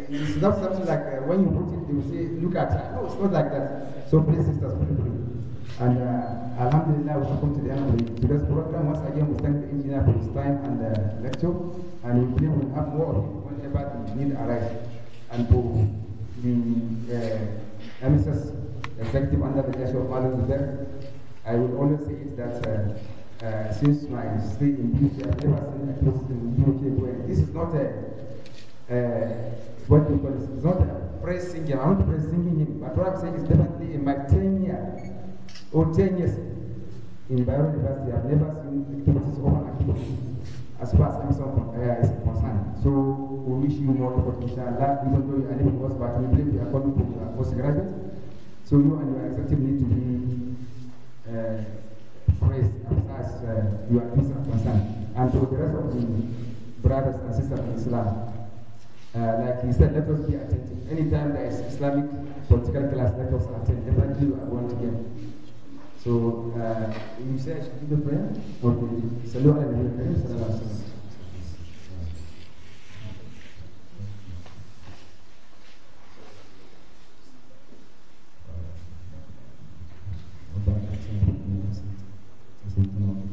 it's not something like uh, when you put it, they will say, look at it. No, it's not like that. So please, sisters, please, I And uh, Alhamdulillah, we come to the end of today's program. Once again, we thank the engineer for his time and the uh, lecture. And we believe we'll have more of it whenever the need arises. And to the uh, MSS executive under the leadership of Madam Zubair, I will always say it that uh, uh, since my stay in UK, I've never seen a post in where this is not a uh, what do you call It's not a uh, praise singing. I'm not praise singing him, but what I'm saying is definitely in my 10 years or 10 years in biodiversity, I've never seen activities over activities as far as Amazon uh, AI is concerned. So we wish you more potential, inshallah, even though you are living us, but we believe you are coming from uh, postgraduate. So you and your executive need to be uh, praised as far as uh, you are concerned. And to the rest of the brothers and sisters in Islam, uh, like he said, let us be attentive. Anytime there is Islamic political class, let us attend. Definitely, I want to get. So, uh, you say I should do the prayer? Okay. Sallu ala nabi alayhi salam. Thank you.